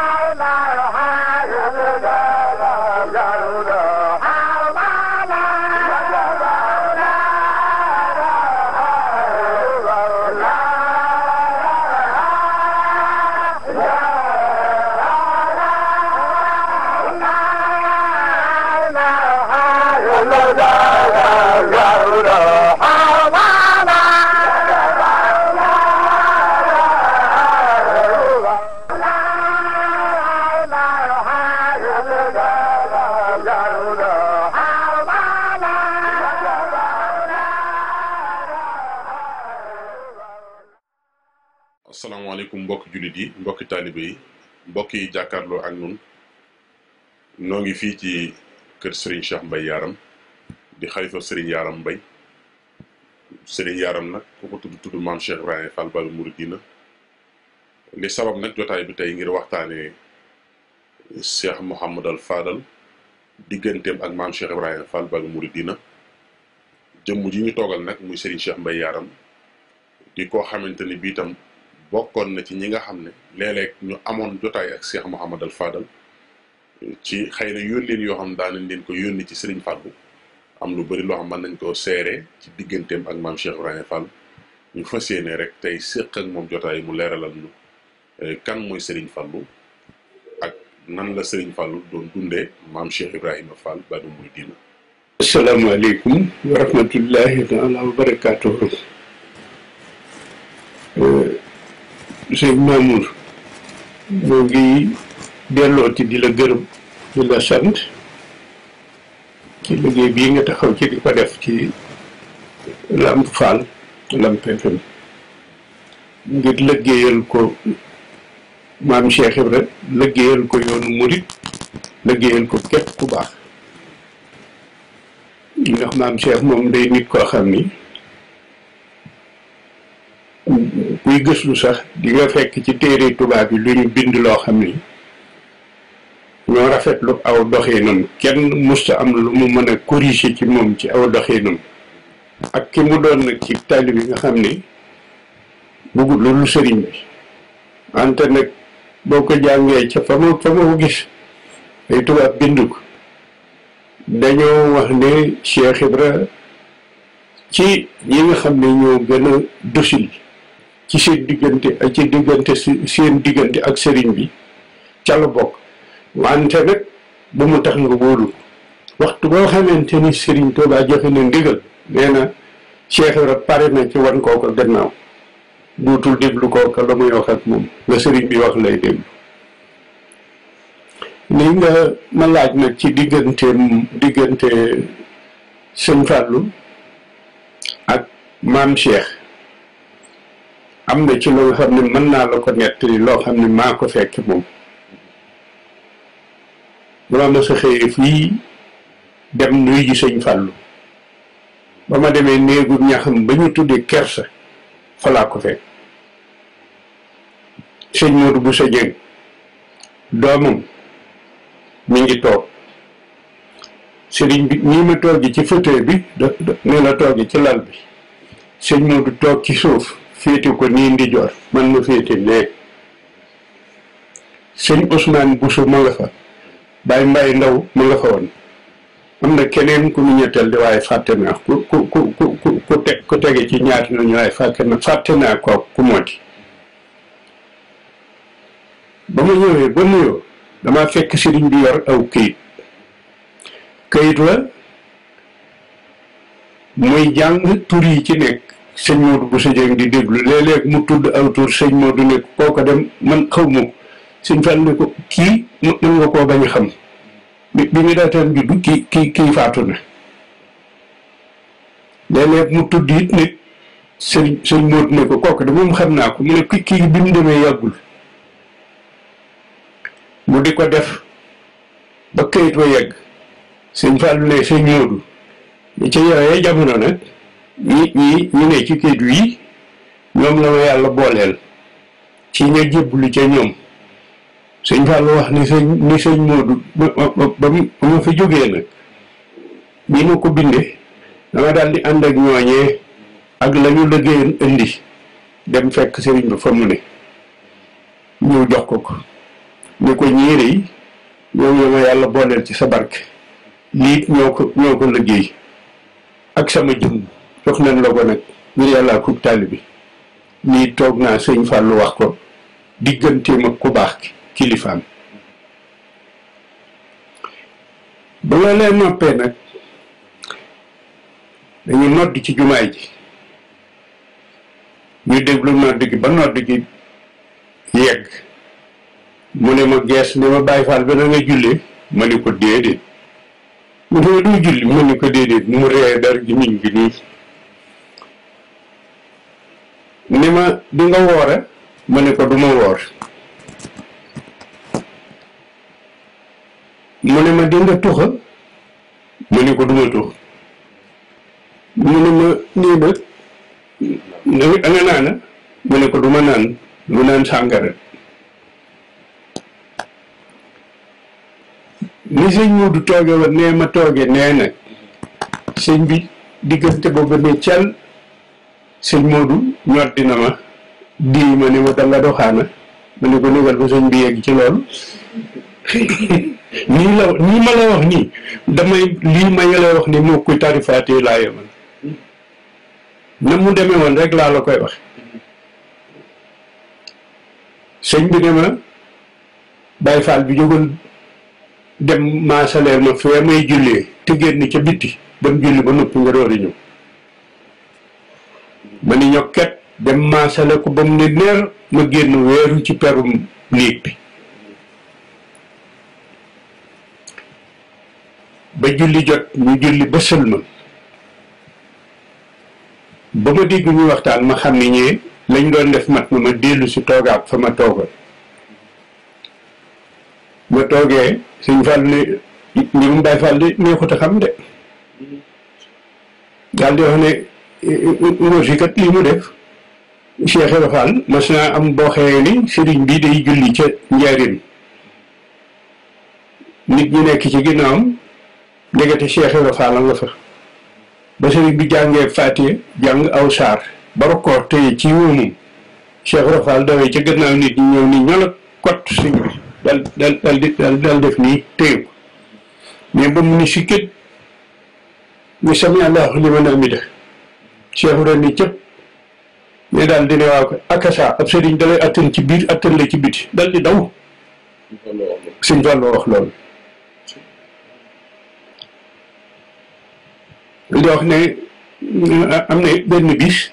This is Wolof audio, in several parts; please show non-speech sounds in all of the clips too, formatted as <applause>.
i la, la. jullit yi mbokki taalibe yi mbokk yi jàkkaarloo ak nun noo ngi fii ci kër Serigne Cheikh mbay Yaram di xalifa sëriñ Yaram mbay Serigne Yaram nag ku ko tudd tudd maam Cheikh Ibrahima Fall Baabul Muridiina li sabab ngir waxtaanee Cheikh Mouhamadal Fadal digganteem ak maam Cheikh Ibrahima Fall Baabul Muridiina jëmm ji ñu muy Serigne Cheikh Mbaye Yaram di koo xamante ni bii bokkoon na ci ñi nga xam ne léeg ñu amoon jotaay ak Cheikh Mouhamadal Fadal ci xëy na yónneen yoo xam daanañ leen ko yónni ci Serigne Fallou am lu bari loo xam mën nañ koo seere ci digganteem ak maam Cheikh Ibrahima Fall ñu fas yéene rek tey séq ak moom jotaay mu leeralal ñu euh, kan mooy sëriñ Fallou ak nan la sëriñ Fallou doon dundee maam Cheikh Ibrahima Fall ba du muy diina asalaamaaleykum sëñ Mamour moo ngi dellooti di la gërëm di la sant ci liggéey bii nga taxaw ci di ko def ci Lamp Fall Lamp FM ngir liggéeyal ko maam Cheikh Ibra liggéeyal ko yoonu murit liggéeyal ko képp ku baax ndax maam Cheikh moom day nit koo xam ni kuy lu sax di nga fekk ci téere tubaab yi lu ñu bind loo xam ni ñoo rafetlu aw doxinam kenn musta am lu mu mën a corriger ci moom ci aw doxinam ak ki mu doon nag ci tali bi nga xam ni bëggul loolu sëriñ bi wante boo ko jàngee ca fa ma fa ma ko gis ay tubaab bind ko dañoo wax ne Cheikh Ibra ci ñi nga xam ne ñoo gën a ci seen diggante ci diggante seen diggante ak sëriñ bi ca la bokk wante nag bu mu tax nga wóolu waxtu boo xamante ni sëriñ Tuubaa joxe na ndigal nee na Cheikh pare na ci wan ko gannaaw buutul déglu kooka la muy wax ak moom nga sëriñ bi wax lay déglu li nga ma laaj nag ci digganteem diggante sëñ Fàllu ak maam Cheikh am na ci loolu xam ne mën naa la ko nettali loo xam ne maa ko fekk moom dama mos a xëyee fii dem nuy ji sëñ ba ma demee néegu ñaxam ba ñu tuddee kersa fa laa ko fekk sëñ Modou Bousso Dieng doomam mi ngi toog sëriñ bi nii ma toogee ci fauteuil bi ne la toogee ci lal bi sëñ Modou toog ci suuf féete ko nii ndi joor man ma féete nee sëñ Ousmane Bousso ma nga fa Baye Mbaye Ndaw ma nga fa woon am na keneen ku mu ñetteel di waaye fàtte naa ku ku ku ku ku teg ku tege ci ñaati nañu waaye fàtte na fàtte naa ko ku mooti ba ma ñëwee ba nuyoo damaa fekk sëriñ bi yor aw këyit këyit la muy jàng tur yi ci nekk sëñ Modou bu sa Dieng di déglu léeg mu tudd aw tur sëñ Modou ko kooka dem man xaw ma sëñ Fall ne ko kii xam bi bi mu daataan juddu kii kii kii mu tudd it ne sëñ ko kooka de moom xam naa ko mu ne kii kii bi mu demee yàggul mu di ko def ba kayit wa yegg sëñ Fall ne sëñ Modou ca yooyee jamono nag. nit ñi ñu ne ci kédu yi ñoom la ma yàlla booleel ci ña jébbalu ca ñoom sëñ Fallou wax ni sëñ ni sëñ Modou ba ma fi jógee nag bi ma ko bindee dama daal di ànd ak ñooñee ak la ñu liggéeyoon indi dem fekk sëriñ bi fa mu ne ñëw jox ko ko ne ko ñéere yi ñoom la ma yàlla booleel ci sa barke lii ñoo ko ñoo ko liggéey ak sama jëmm jox nañ la ko nag ngir yàlla akub taalibi nii toog naa sëñ Fallou wax ko digganteem ak ku baax kilifaam bu loolee noppee nag dañu nodd ci jumaay ji ñu déglu nodd gi ba nodd gi yegg mu ne ma gees ne ma bàyyi faal ba na nga jullee ma ne ko déedéet mu ne ma doo julli ma ne ko déedéet mu ree dar gi miñ gi nii ni ma di woore ma ne ko du ma woor mu ne ma di nga tuxa ko du ma tux mu ne ma nii ba nga naana ma ne ko du naan lu naan sàngara ni sëñ Moodu tooge woon nee ma tooge nee nag sëñ bi diggante boobu ne cel sëñ Modou ñoddi na ma dii ma ni ma danga doxaana ma ni ko négal ko sëñ bi yegg ci loolu <laughs> nii la nii ma la wax nii damay lii ma la wax nii moo kuy tarifaatee laa yemal na mu deme woon rek laa la koy wax sëñ bi ne ma Baay Faal bi jógoon dem maasaleer ma fee may jullee te génn ca bitti dem julli ba noppi nga door a ñëw ma ni ñokket dem maasale ko ba mu ne neer ma génn weeru ci perum néeg bi ba julli jot ñu julli ba sëlmal ba ma dégg ñu waxtaan ma xam ni ñee lañ doon def mat na ma dellu si toogaat fa ma toogal ma toogee suñ fàllu ne ñi mu bàyyi fàll neexut a xam de daal di ne kat li mu def Cheikh Ibra Fall am boo xewee ni sëriñ bi day julli ca njaarim nit ñi nekk ci ginnaawam ndegete Cheikh Ibra Fall nga fa ba sëriñ bi jàngee Faatiha jàng aw saar ba rokkoor tey ci wóomum Cheikh Ibra dawee ca gannaaw nit ñi ñëw ni ñola kot sëñ bi dal dal def nii téye ko mais ba mu ni si kët ni sami Allahu liman hamida Cheikh Ibrahima ni cëpp mais daal di waaw ko akasa ab sëriñ dalay attan ci biir attan la ci biti dal di daw suñ fàlloo wax loolu di wax ne am na benn bis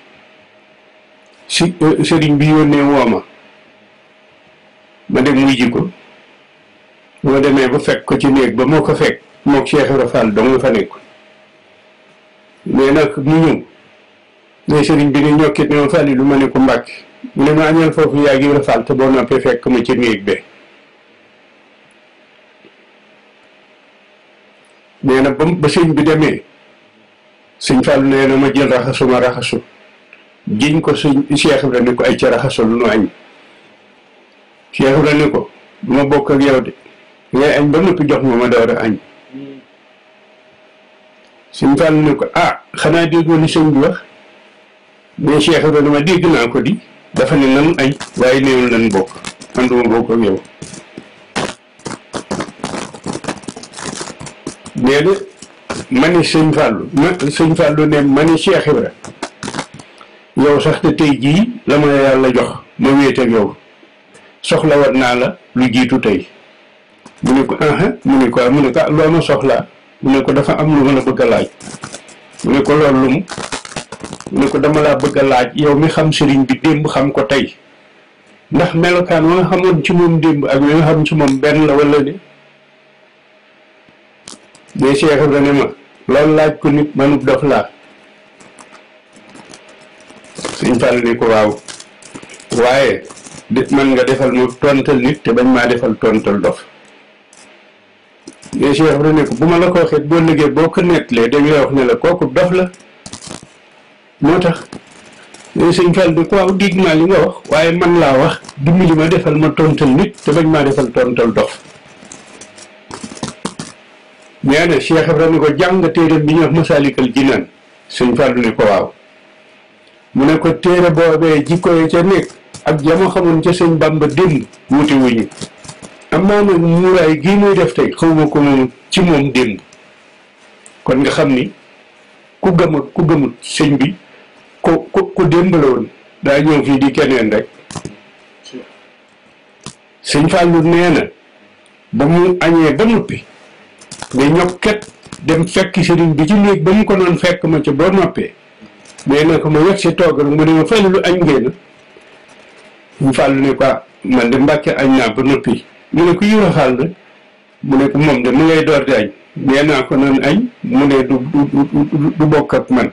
si sëriñ bi yónnee wooma ma dem muy ji ko moo demee ba fekk ko ci néeg ba moo ko fekk mook Cheikh Ibra Fall dong fa nekk mais nag mu ñëw mais sëriñ bi ne ñokkit ne ma fàlli lu ma ne ko mbàkk mu ne ma añal foofu yaa ngi la fàll te boo noppee fekk ma ci néeg be nee ba sëñ bi demee sëñ fàllu nee na ma jël raxasu ko sëñ Cheikh Ibra ne ko ay ca raxasu lu nu añ Cheikh ne ko du ma bokk ak yow de ngay añ ba noppi jox ma ma door a añ hmm. sëñ fàllu ne ko ah xanaa dégg nga sëñ bi wax mais Cheikh Ibrahima dégg naa ko di dafa ne nan añ waaye néewul nan bokk man duma bokk ak yow nee na ma ne sëñ Fallou ma sëñ Fallou ne ma ne yow sax te tey jii la ma yàlla jox ma wéet yow soxla war naa la lu jiitu tey mu ne ko aha ah, mu ne ko mu ah, loo ma soxlaa mu ne ko dafa am lu ma la bëgg a laaj mu ne ko loolu lu mu ne ko dama laa bëgg a laaj yow mi xam sëriñ bi démb xam ko tey ndax melokaan wa nga xamoon ci moom démb ak li nga xam ci moom benn la wala ne day Cheikh Ibra ne ma loolu laaj ko nit manub dof laa suñ fàll ne ko waaw waaye dit man nga defal ma tontal nit te bañ maa defal tontal dof day Cheikh Ibra ne ko bu ma la ko waxee boo liggéey boo ko nettalee dañuy wax ne la kooku dof la moo tax sëñ Fall de quoi dégg naa li nga wax waaye man laa wax li ma defal ma tontal nit te bañ maa defal tontal dof nee na Cheikh Ibrahima ne ko jàng téere bi ñuy wax Masaalikal Jinaan sëñ Fall ne ko waaw mu ne ko téere boobee jikko yi ca nekk ak jama xamoon ca sëñ Bamba démb wuute wuñu am naa nag muuraay gii muy def tey xaw ko moom ci moom démb kon nga xam ni ku gëm ku gëmut sëñ bi ko ko ku démb la woon daa ñëw fii di keneen rek sëñ Fallou nee na ba mu añee ba noppi nga ñokket dem fekk sëriñ bi ci néeg ba mu ko doon fekk ma ci ba noppee mais na ko ma yegg si toogal mu ne ma fay lu añ ngeen ñu Fallou ne quoi ah, man de mbàkke añ naa ba noppi ñu ne ko yura xaal na mu ne ko moom de mu ngay door di añ nee ko nan añ mu ne du du man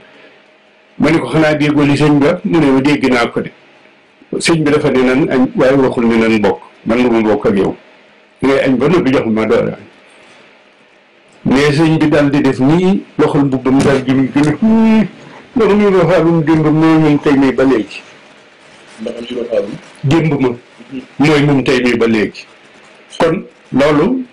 ma ne ko xanaa déggoo li sëñ ba mu ne dégg naa ko sëñ bi dafa ne nan añ waaye waxul ne nan bokk man lu mu bokk ak yow ngay añ ba noppi jox ma doole añ mais sëñ bi dal di def nii loxol mbubbam daal jëm jëm loolu ñu doon xaalum démb mooy moom léegi. ndax ñu ba léegi. loolu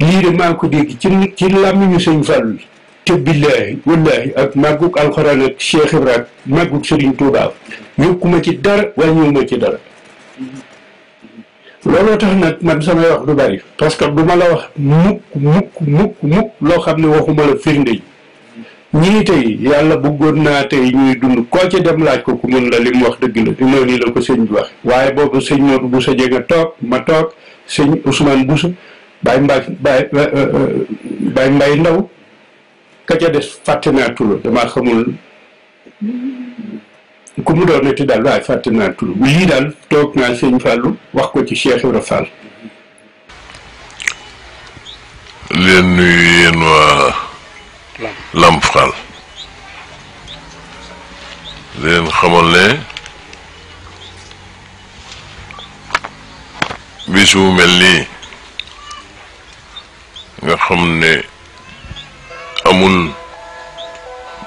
lii de maa ko dégg ci ci làmmiñu sëñ Fallou te billaahi wallaahi ak màggug alxuraan ak Cheikh Ibrahima màggug Serigne Touba yokkuma ci dara wàññiwuma ci dara looloo tax nag man samay wax du bari parce que du ma la wax mukk mukk mukk mukk loo xam ne waxuma la firnde yi ñii tey yàlla bëggoon naa tey ñuy dund koo ci dem laaj ko ku mun la li mu wax dëgg la li noonu nii la ko sëñ bi wax waaye boobu sëñ bu sa Dieng a toog ma toog sëñ Ousmane Boussa Baye Mbaye Baye Baye Ndaw ka ca des fàtte naa turam damaa xamul ku mu doon neti daal waaye fàtte naa turam lii daal toog naa sëñ Fallou wax ko ci Cheikh Ibra Fall leen nuyu yéen waa Lamp Fall leen xamal ne bisu mel nii nga xam ne amul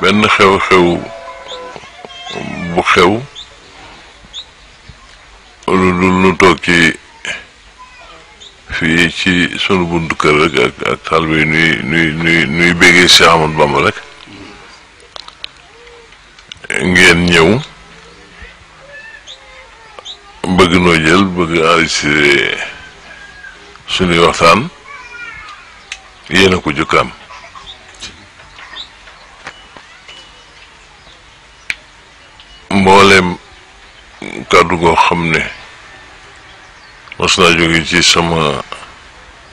benn xew-xew bu xew lu dul nu toog ci fii ci sunu buntu kër rek ak ak nuy nuy nuy béggee Cheikh Ahmadou Bamba rek ngeen ñëw bëgg noo jël bëgg enregistré sunuy waxtaan yéen a ko jukkaam mboolem kàddu goo xam ne mos naa jóge ci sama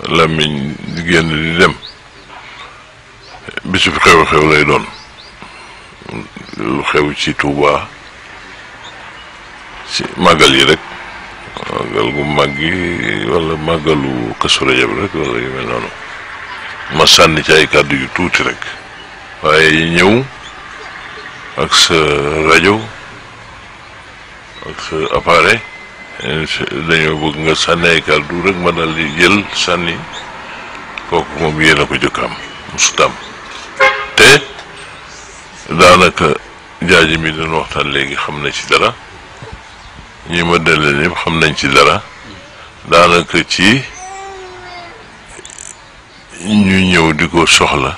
làmmiñ di génn di dem bisu xew-xew lay doon lu xew ci tuubaa ci màggal yi rek màggal gu màgg yi wala màggalu Kazu Rajab rek wala yu mel noonu ma sànni ci ay kàddu yu tuuti rek waaye ñëw ak sa rajo ak sa appareil eh, dañoo bëgg nga sànni ay kàddu rek ma dal di sànni kooku moom yéen a ko jëkk am mosut am te daanaka jaaji mi doon waxtaan léegi xam na ci dara ñi ma delloo ñëpp xam nañ ci dara daanaka ci ñu ñëw di ko soxla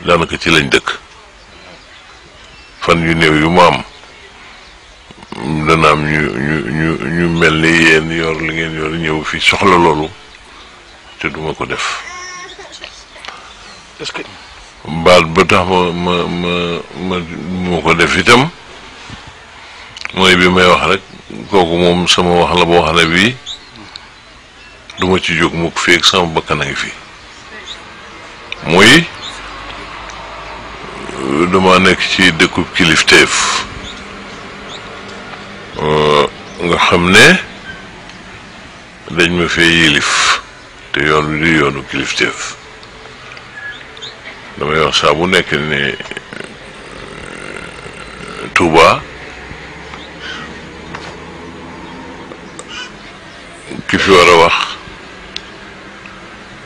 daanaka ci lañ dëkk fan yu néew yu mu am. moom am ñu ñu ñu ñu mel ni yéen yor li ngeen yor ñëw fi soxla loolu te duma ko def est-ce que baat ba tax ma ma ma ma ma ko def itam mooy bi may wax rek kooku moom sama wax la boo xam ne bii duma ci jóg mukk fii sama bakkan a ngi fi muy dama nekk ci dëkkub kilifteef nga xam ne dañ ma fee yilif te yoon wi du yoonu kilifteef damay wax saa bu nekk ne Touba ki fi war a wax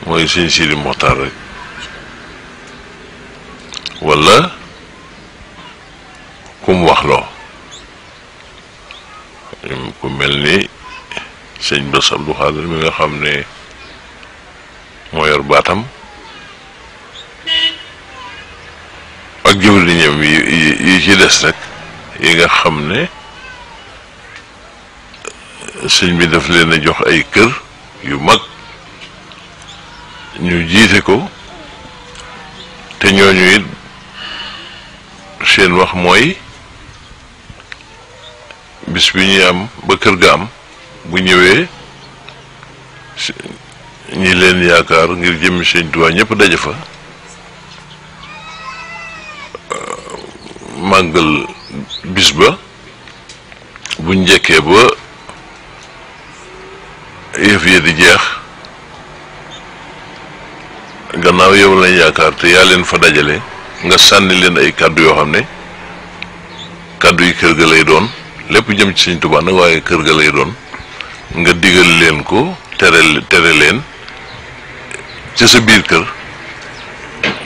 mooy sëñ Sidi Moxtaar rek wala kum wax loo ku mel ni sëñ Bass Abdou Khadr mi nga xam ne moo yor baatam ak jëwriñam yi ci des nag yi nga xam ne sëñ bi daf leen a jox ay kër yu mag ñu jiite ko te ñooñu it seen wax mooy bis bi ñuy am ba kër ga am bu ñëwee ñi leen yaakaar ngir jëmmi sëñ Tuubaa ñëpp daje fa euh, màggal bis ba buñ njëkkee ba yëf yi di jeex gannaaw yow lañ yaakaar te yaa leen fa dajale nga sànni leen ay kàddu yoo xam ne kàddu yi kër ga lay doon lépp jëm ci sëñ Tuubaa nag waaye kër ga lay doon nga digal leen ko tere tere leen ci sa biir kër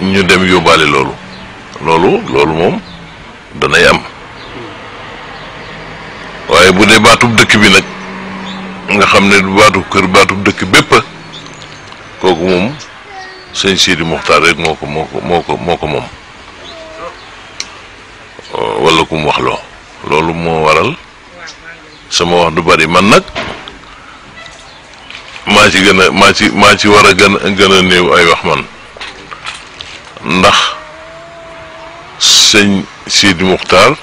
ñu dem yóbbaale loolu loolu loolu moom danay am waaye bu dee baatub dëkk bi nag nga xam ne du baatub kër baatub dëkk bépp kooku moom sëñ Sidi Muxtaar rek moo ko moo ko moo ko moom wala ku mu wax loo loolu moo waral sama wax du bari man nag maa ci gën maa ci maa ci war a gën a gën a néew ay wax man ndax sëñ Sidi Muxtaar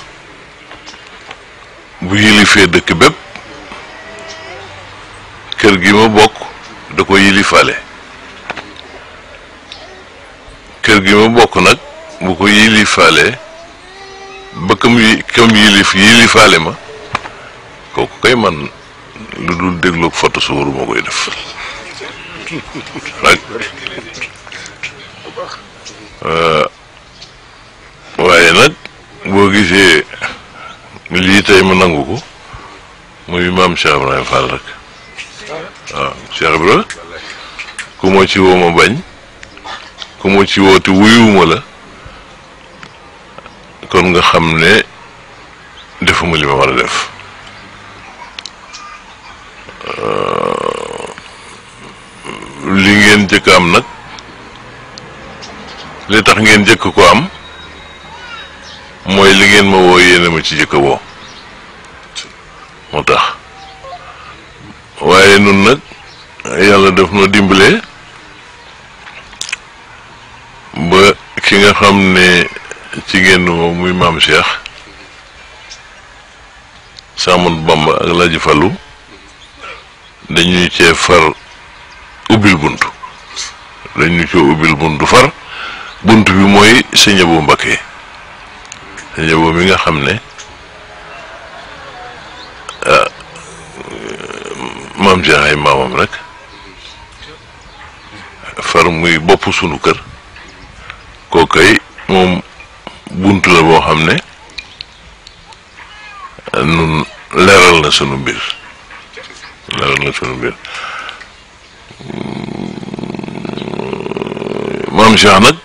bu yilifee dëkk bépp kër gi ma bokk da ko yilifale kër gi ma bokk nag bu ko yilifale ba kam yi kam yilif yilifaale ma kooku kay man lu dul dégloog foto su waruma koy def euh, waaye nag boo gisee lii tey ma nangu ko muy maam Cheikh Ibrahima rek waaw Cheikh ku ma ci woo ma bañ ku ma ci woo te wuyuwuma la kon nga xam ne defuma li ma war a def euh, li ngeen jëkk am nag li tax ngeen jëkk ko am mooy li ngeen ma woo yéene ma ci jëkk woo moo tax waaye nun nag yàlla def na dimbalee ba ki nga xam ne jigéen woo muy maam Cheikh Saamun Bamba ak Laaji Fallu dañuy cee far ubbil bunt dañu cee ubbil buntu far bunt bi mooy sëñ Abo Mbakke sëñ Abo mi nga xam ne ah, maam Cheikh ay maamam rek far muy bopp sunu kër koo moom bunt la boo xam ne nun leeral na sunu mbir leeral na sunu mbir maam Cheikh nag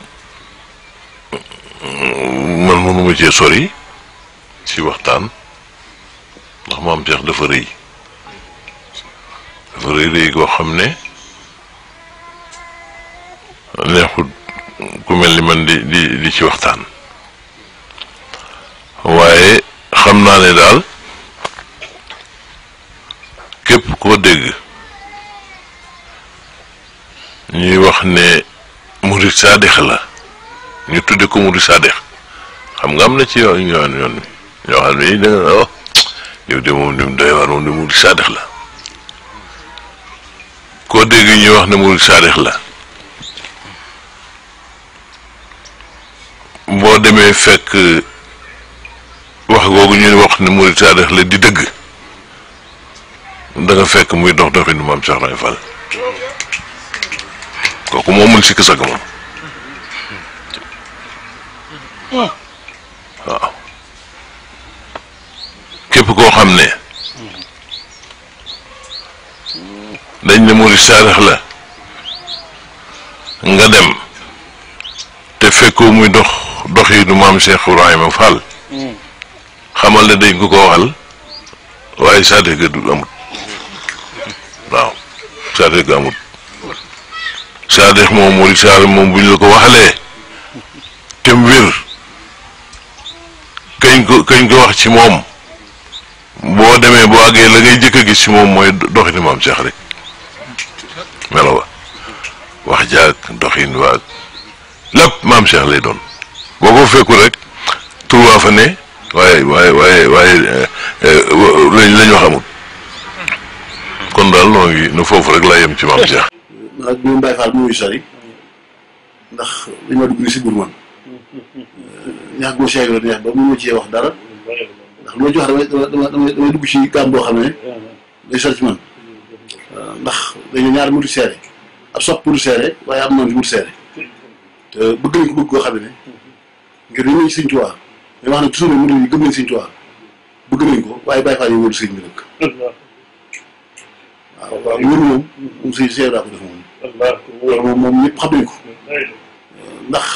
man mënuma cee sori ci waxtaan ndax maam Cheikh dafa rëy dafa rëy rëy goo xam ne neexut ku mel ni man di di di ci waxtaan waaye xam naa ne daal képp koo dégg ñuy wax ne murid saadix la ñu tudde ko murid saadix xam nga am na ci yoon yoon yoon bi ñoo xam ne yi da nga oh yow de saadix la koo dégg ñuy wax ne murid saadix la boo demee fekk wax googu ñu wax ne murid la di dëgg da nga fekk muy dox doxin maam Cheikh Ibra Fall kooku moomul képp koo xam ne dañ ne murid la nga dem te fekkoo muy dox doxinu maam Cheikh Ibrahima Fall xamal ne dañ ko ko waxal waaye certificat du amut waaw certificat amut saadix moom mooy saadix moom bu ñu la ko waxalee te wér kañ ko kañ ko wax ci moom boo demee boo àggee la ngay jëkk a gis ci moom mooy doxini maam Cheikh rek melo ba wax jaag doxin waag lépp maam Cheikh lay doon boo ko fekku rek tur fa ne waaye waaye waaye waaye eh, eh, lañ la ñu xamul kon daal noo ngi nu foofu rek laa yem ci maam Cheikh. ak ñoom Baye Fall ndax dañ ma dugg si gur man eh, ñax goo seeg la neex ba mun ma cee wax dara ndax lu ma ci wax damay damay damay damay dugg ci gaam boo xam ne day ndax dañu ñaar mu di seere ab waaye am na mu di seere te bëgg nañ ko bëgg koo xam ne ngir ni muy Sëñ Tuubaa mais maanaam toujours nag murid yi gëm nañ Sëriñ Tuubaa bëgg nañ ko waaye Baay Faal yi wóolu sëriñ bi nag. waaw waaw wóolu moom. ko ndax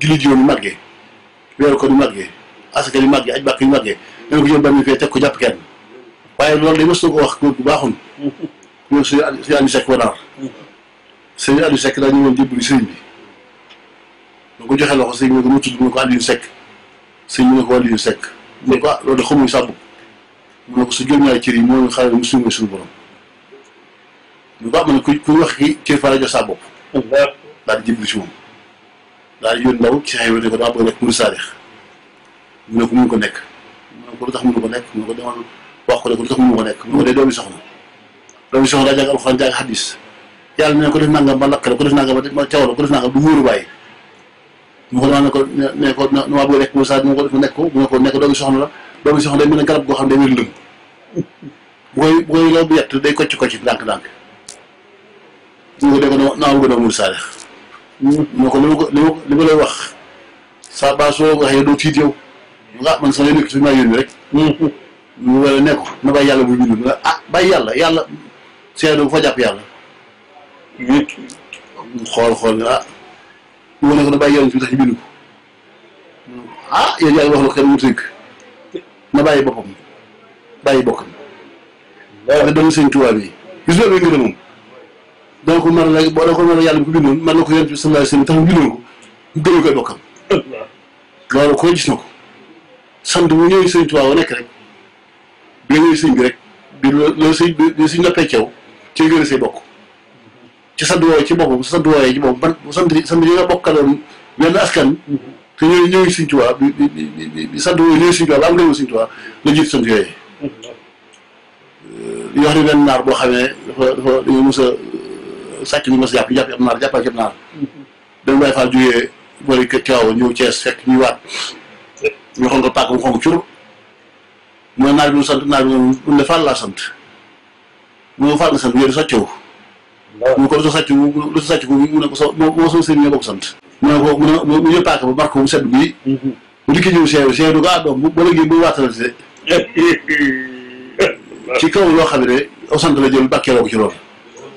julli ji woon màggee weeru ko ni màggee asaka ni màggee aj bàkk ni màggee da nga ko jël ba mu fee ko jàpp kenn waaye loolu day mos na ko wax góor bu baaxoon ñoom suñu suñu Aliou Seck wanaar sëñ Aliou Seck daa si bi ne ko wàllu yu sekk mu ne ko ah loolu de xamuñ sàmm mu ne ko su jël ñaari cër yi moo ñu xaaral mu suumee suñu borom mu baax ma ne ku ku wax ki cër fa la jox sa bopp a daal di yónni ndaw ci xew ne ko daa bëgg nekk muru saarix mu ko mun ko nekk mu ne ko lu tax mënu ko nekk mu ne ko demal wax ko ne tax mënu nekk mu ne ko day doomi soxna doomi soxna daa jàng alxuraan jàng xadis yàlla ne ko def nangam ba lakk la ko def nangam ba teewal ko def nangam du wóoru bàyyi mu ko ne ko ne ko damaa bëgg nekk Moussa mu ko def mu nekk ko mu ne ko nekk doomi soxna la doomi soxna day mel ne garab goo xam day wér lëm bu koy bu koy loolu bu yett day kocc kocc ndànk-ndànk ñu ko dee ko naa bëgg a doon Moussa def moo ko li ma ko li ma li ma lay wax saa baa soo waxee doo tiit yow nga ah, man sax yónni ko suñu maa yónni rek mu wala ne ko na bàyyi yàlla bu bind nga ah bàyyi yàlla yàlla seedoo fa jàpp yàlla xool xool nga ah mu wane ko na bàyyi yoon fii tax bi bind ko ah yéen yaa ngi wax na bàyyi boppam bàyyi bokkam. waaw te doon sëñ tubaab yi. gis nga loolu moom donc man la boo ko mën yàlla bi ko bindoon man la ko yonent bi sallallahu alayhi wasallam tax mu bindoon ko mu gënu koy bokkam. <laughs> loolu koy gis na ko sant bu ñëwee sëñ tubaab wa nekk rek bi ñëwee sëñ bi rek bi loo loo sëñ bi sëñ la peccew cee gën a say bokk. ci sa ci boppam sa duwooyee ci boppam ban sant sant yi nga bokkaloon wenn askan te ñooy ñooy Sëñ am ngërëmu Sëñ Tuubaa la jiitu sant yooyee li boo xamee dafa dafa dañu mos a euh, sàcc ñu mos jàpp jàpp am naar jàppal jàpp ñëw Cees fekk ñuy waat ñu xool ko paak mu xonk cur mooy naar bi mu sant naar bi moom mun na Faal laa sant mu Faal nga sant yooyu du sàccewu mu ko lu sa sàcc lu sa sàcc ko mu ne ko sa moo sama sëriñ ko sant mu ne ko mu ne mu ñëw paaka ba bar ko mu sedd bii bu mhm. dikkee ñëw seeru seeru ko ah doom ba léegi bu waatalal si ci kaw loo xam ne aw sant la jël bàkkeeloo ko ci loolu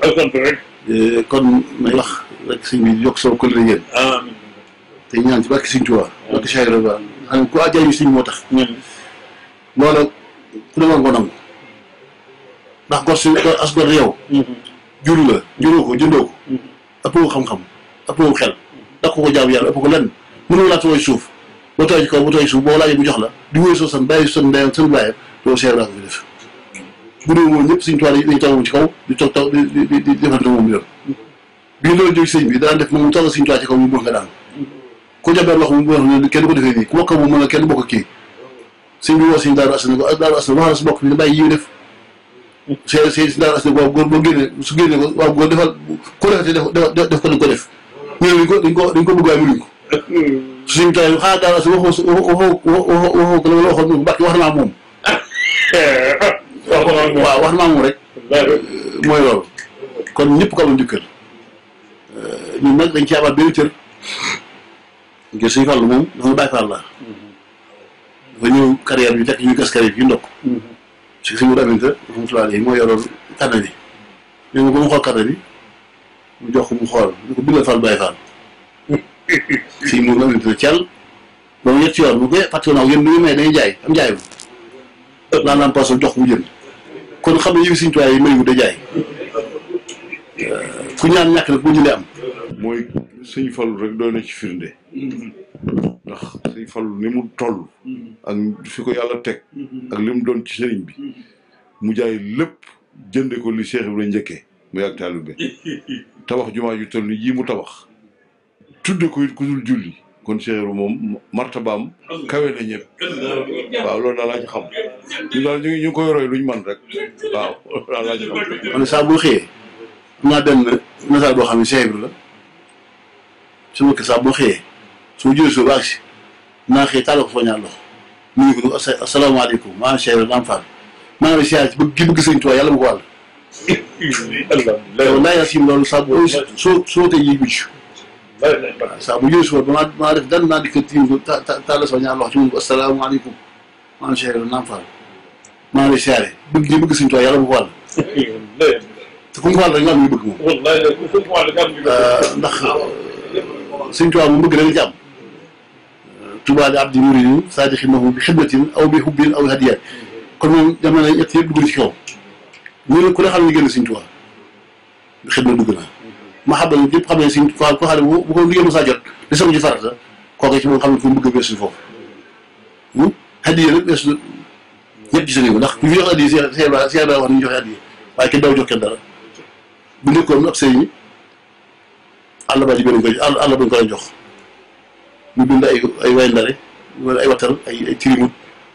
aw sant rek eh, kon may wax rek sëñ bi yokk soo ko yéen te ñaan ci barke sëñ Tuubaa barke Cheikh Ibra xam ne ku ajaay ñu sëñ moo tax loolu ku ne war nga nangu ndax gor si as gor yow juru la juroo ko jëndoo ko mm. ëpp ko xam-xam ëpp ko xel daq ko ko jaamu yàlla ëpp laa tooy suuf boo tooy ci kaw boo tooy suuf boo laajee bu jox la di wóy soo san bàyyi san ndeyam san bàyyam loolu seer laa def moom ñëpp suñu tuwi dañu di toog taw di di di defante moom yoon bi danaan def moom mu toogal suñu tuwi ci kaw mu bëx nga daan ko jabar loxo mu bëx kenn ko defee nii ku bokk moom mën a kenn bokk kii sëñ bi woo sëñ daaru asna daaru asna bokk bi nga bàyyi yiw def Cheikh Cheikh Naar Asne waaw góor boo génnee su génnee ko waaw góor defal ku nekkati def ko ni ko def ñu dañ ko dañ ko dañ ko bëgg waaye mënuñ ko. suñu taay bi daal su waxoo waxoo waxoo ko la wala waxoon wax na moom. waaw wax na moom rek. mooy loolu. kon ñëpp ko ma dikkal euh, ñun nag dañ ci amaat benn cër ngir suñu fàll moom dafa bàyyi fàll la mm-hmm. dafa ñëw carrière bi fekk ci suñu aminta rahmatullahi alayhi moo yoroon carnet bi nee na ko mu xool carnet mu jox ko mu xool mu ko bindal Fall Baye Fall si moom aminta na Thiel ba mu ñetti yoon mu koy fàtte naa yéen dañuy may dañuy jaay am jaayam daan naan poche jox mu jëm kon xam ne yëfi Sëriñ Tuubaa yi mayu da jaay ku ñaan ñàkk nag bu ñu am. mooy Sëriñ Fallu rek doon na ci firnde. ndax sëñ Fallu ni mu toll ak fi ko yàlla teg ak li mu doon ci sëriñ bi mu jaay lépp jënde ko li Cheikh la njëkkee mu yàgg taalibe <laughs> tabax jumaa ju toll ni yii mu tabax tudde ko it ku dul julli kon Cheikh Ibrahima moom martabaam kawe na ñëpp waaw loolu daal laa ci xam ñu daal ñu ñu ngi koy luñ man rek waaw loolu daal xam man saa boo xëyee am naa benn message boo xam ne Cheikh la su ma ko saa xëyee su ma jëlee suuf ba àggsi naa xëy tàllal ko fa ñaar loxo mu ngi ko asalaamaaleykum maa ngi Cheikh Ibrahima Fall maa ngi lay siyaar ci bëgg gi bëgg sëñ Tuubaa yàlla ma ko wàll. alhamdulilah laay asim loolu saa bu soo soo tey yiy mucc. waaw saa bu jëlee suuf ba maa maa def daan naa di kër tiim ko ta ta tàllal sama ñaar loxo ci mu ko asalaamaaleykum maa ngi Cheikh Ibrahima Fall maa ngi lay siyaare bëgg gi bëgg sëñ Tuubaa yàlla ma ko wàll. te fu mu ko wàll rek nga am ñu bëgg moom. ndax sëñ Tuubaa moom bëgg da nga ci am جمعة عبد المريد صادق ما هو بخدمة أو بحب أو هدية كل من جمع يأتي بقول شو نقول كل حال نجينا سنتوا بخدمة بقولها ما حب نجيب قبل سنتوا كل حال هو هو نجي مساجد لسه نجي فرزة كل شيء من قبل كم بقول بس فوق هدية بس يبدي سنين ولا في غير هدية سيا سيا سيا ما هو نجوا هدية باي كده وجو كده بنقول نفسي الله بيجي بنقول الله بنقول نجوا ñu bind ay ay wayndare wala ay watal ay ay tirimut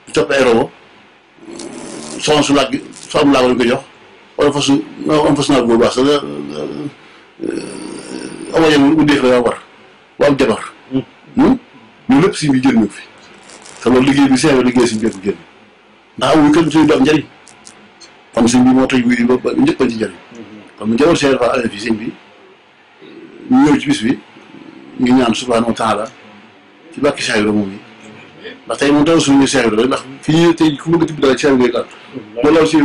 di topp ay robo soxna su laag soxna laago am fas naag euh, moo war wa jabar hmm. Hmm? ñu lépp si bi jël ñu fi te loolu liggéey bi seewe liggéey si biir génn ndax amuñu kenn suñu doom njëriñ kon sëñ bi moo tax wii ba ba ñëpp ci njëriñ hmm. kon mu jawal seer fa alal bi ñu ñëw ci bis bi ñu ñaan subhanahu ci bàkki Cheikh Ibrahima moom ndax tey moom dara suñu Cheikh Ibrahima ndax fi ñu tey ku bëgg a tibb dara Cheikh Ibrahima ngay tànn boo law Cheikh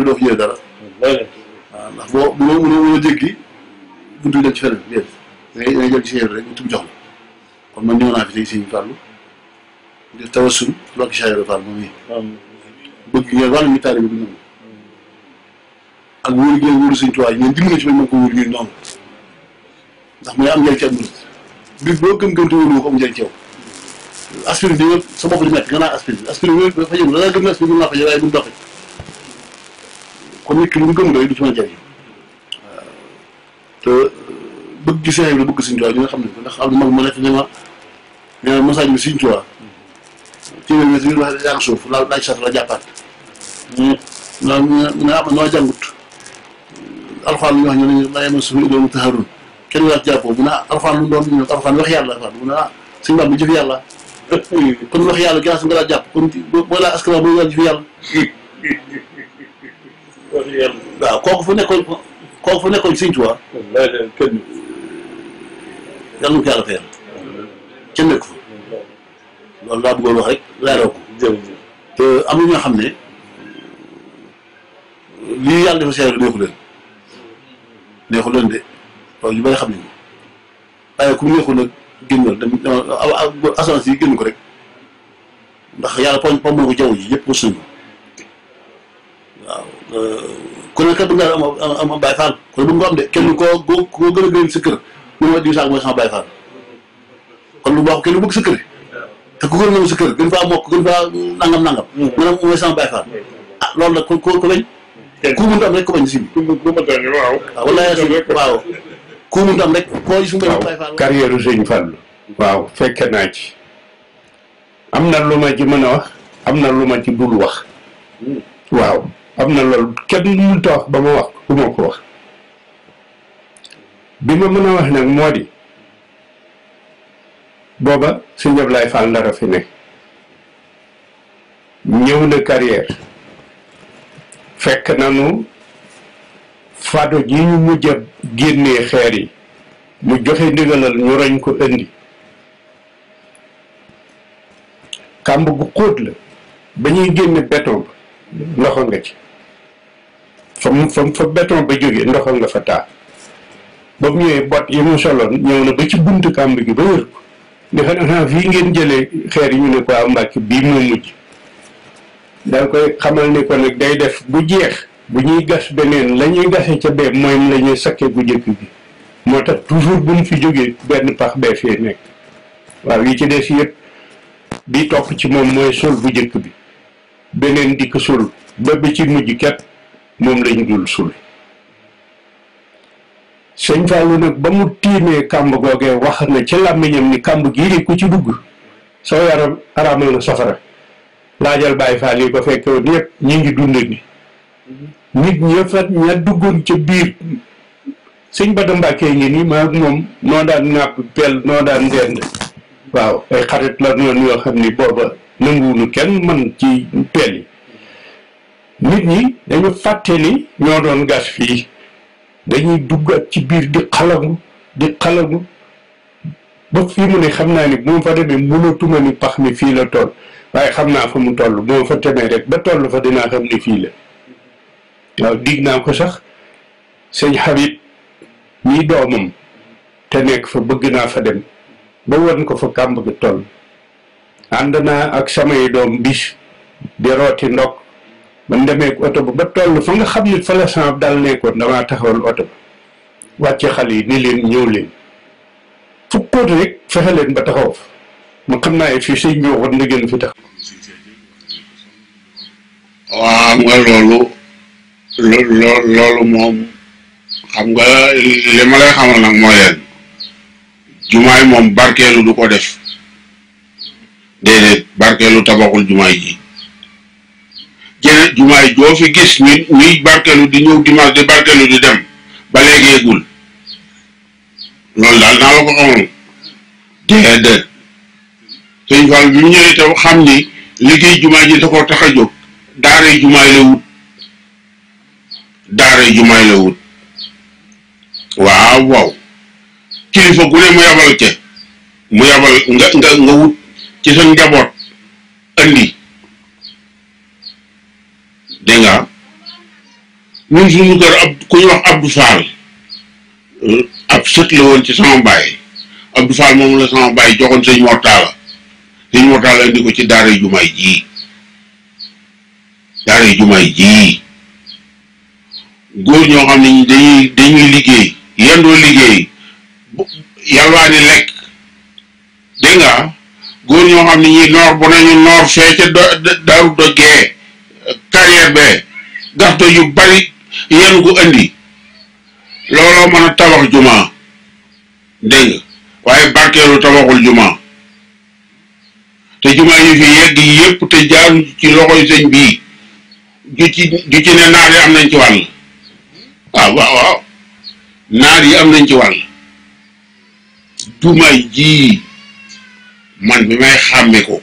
ci feneen rek buntu bi jox la kon man ñëw naa fi tey Serigne Fallou di tawasul ci bàkki Cheikh Ibrahima Fall moom bëgg ngeen wàllu mi taalibe bi nangu ak wóor gi wóoru Serigne Touba ngeen dimbali ci bañ mën ko wóor ñun noonu ndax mooy am njëriñ ci am mbir boo gëm-gëm te wóoru ko am njëriñ ci aspirine di wër sa bopp di métti nga naan aspirine aspirine wër dafa yëngu la gëm ne aspirine mën naa ko jël waaye mën doxee kon nit ki lu mu gëm doy du ci mën a jëriñ te bëgg gi seex bi bëgg Sëñ Tuubaa ñu nga xam ne ndax am na mag ma nekk ne ma nee na message bi Sëñ Tuubaa téeméer bi suñu wax jàng suuf laal laaj sat la jàppaat ñu naa ñu am ah noo jàngut alxuraan ñu wax ñu ne laa yamal suuf illa mutahharun kenn waat jàppoo mu ne ah alxuraan lu mu doon ñu alxuraan wax yàlla alxuraan mu ne ah suñu baat bi jëf yàlla kon wax yàlla ginaar si nga laa jàpp kon boo laa askan boo laa jëf yàlla. kooku fu nekkoon kooku fu nekkoon Sëñ Tuubaa. yàlla na ko yàlla fa. loolu laa bëggoon wax rek leeroo ko. te am na ñoo xam ne lii yàlla dafa seetlu neexu leen neexu leen de loolu ñu bëri xam nañu waaye ku neexu nag. génnal dem euh, assurance yi génn ko rek ndax yàlla pom pom na ko jaww ji yëpp ko suñu waaw euh, ku ne kat bëgg naa am am Baay Faal kon bëgg nga am de kenn koo koo koo gën a gërëm sa kër kon lu baax kenn lu bëgg sa kër te ku gën a gërëm sa kër gën faa mokk gën faa nangam nangam hmm. mu ne mooy Baay Faal ah loolu nag ko ko ko bañ ku mënta hmm. am rek ko bañ si bi ku hmm. ah, mënta waaw waaw ku mu tam waaw fekk naa ci am na lu ma ci mën a wax am na lu ma ci dul wax hmm. waaw am na loolu kenn mënut wax ba ma wax du ma ko wax bi ma mën a wax nag moo di booba Sëñ Ablaye Fall dara fi ne ñëw na carrière fekk nanu fado ji ñu mujj génnee xeer yi mu joxe ndigalal ñu roñ ko indi kàmb gu xóot la ba ñuy génne béton ba ndoxa nga ci fa mu fa fa ba jógee ndoxa nga fa taa ba mu ñëwee bot yi mu soloon ñëw na ba ci buntu kàmb gi ba wër ko ne xanaa fii ngeen jëlee xeer yi ñu ne ko am ah, mbàkk bii moo mujj danga koy xamal ni ko nag day def bu jeex bu ñuy gas beneen la ñuy gase ca bee mooy la ñuy sakkee bu njëkk bi moo tax toujours bu ñu fi jógee benn pax bee fee nekk waaw yi ci des yëpp bi topp ci moom mooy sol bu njëkk bi beneen di ko sul ba bi ci mujj kat moom lañ dul sul sëñ Fallou nag ba mu tiimee kàmb googee wax na ci làmmiñam ni kàmb gii de ku ci dugg soo yaram araamal na safara laajal bàyyi faal yi ko fekke woon yëpp ñi ngi dund ni nit ña fa ña duggoon ca biir sëñ bata Mbàkke ngi nii maa ak moom noo daan nàpp pel noo daan dend waaw ay xarit la noonu yoo xam ni booba nanguwunu kenn mën ci pel yi nit ñi dañu fàtte ni ñoo doon gas fii dañuy dugg ak ci biir di xalangu di xalangu ba fii mu ne xam naa ni bu ma fa demee mënatuma ni pax mi fii la tool waaye xam naa fa mu tollu bu ma fa temee rek ba toll fa dinaa xam ni fii la waaw dig naa ko sax sëñ Habib mii doomam te nekk fa bëgg naa fa dem ba won ko fa kàmb gi toll ànd naa ak samay doom bis di rooti ndokk man demee oto ba ba toll fa nga xam ne fa la sama dal nekkoon damaa taxawal oto ba wàcce xale yi ni leen ñëw leen fukkoot rek fexe leen ba taxaw fa ma xam naa fii sëñ bi waxoon na gën fi tax waaw mooy loolu loolu moom xam nga li ma lay xamal nag mooy leen jumaay moom barkeelu du ko def déedéet barkeelu tabaxul jumaay ji jene jumaay joo fi gis ñuy ñuy barkeelu di ñëw dimanche di barkeelu di dem ba léegi yeggul loolu daal naa la ko xamal déedéet sëñ Fall bi mu ñëwee xam ni liggéey jumaay ji da koo tax jóg daaray jumaay la wut daara jumaay la wut waaw waaw kilifa gu ne mu yabal ca mu yabal nga nga nga wut ci sa njaboot andi dégg nga ñun suñu kër ab ku ñuy wax Abdou Fall ab sët la woon ci sama baay Abdou Fall moom la sama baay joxoon sëñ Mortala sëñ andi ko ci daara jumaay jii daara jumaay jii góor ñoo xam ne dañuy dañuy liggéey yendoo liggéey yalwaani lekk dégg góor ñoo xam ne ñi noor bu nañu noor fee ca daaru doggee carrière be gaxto yu bari yéen ko andi looloo mën a tabax juma dégg waaye barkeelu tabaxul juma te juma yu fi yegg yépp te jaar ci loxoy sëñ bii ju ci ju ci ne naar yi am nañ ci wàll waaw waaw naar yi am nañ ci wàll tuumaay jii man mi may xàmme ko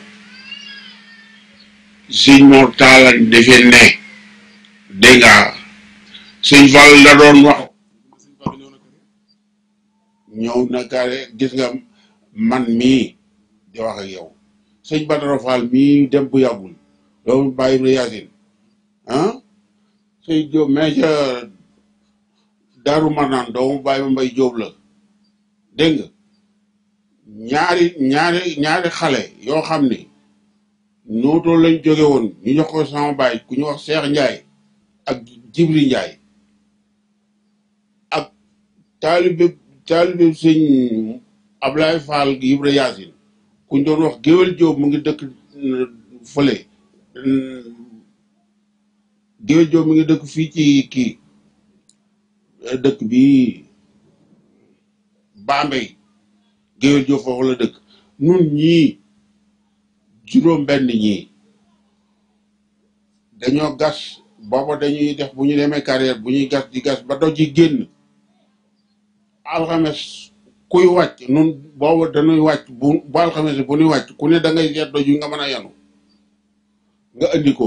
sëñ Mor Talla defe ne dégg nga sëñ Fall la doon wax ñëw na kaare gis nga man mi di wax ak yow sëñ Badara Fall mii dem bu yàggul doomu bàyyi na Yaasin ah sëñ Diop mais Daaru Marnaan doomu Baye Mbay Jóob la dégg nga ñaari ñaari ñaari xale yoo xam ni nootoo lañ jóge woon ñu jox ko sama baay ku ñu wax Seex Njaay ak Jibri Njaay ak taalibe taalibe sëñ Ablaay Faal Ibra Yaasin ku ñu doon wax Géwél Jóob mu ngi dëkk fële Géwél Jóob mu ngi dëkk fii ci kii dëkk bi Bambey Géwél Joob foofu la dëkk nun ñii juróom benn ñii dañoo gas booba dañuy def bu ñu demee carrière bu ñuy gas di gas ba doj yi génn alxames kuy wàcc nun booba dañuy wàcc bu boo alxames bu ñuy wàcc ku ne da ngay seet doj yi nga mën a yanu nga indi ko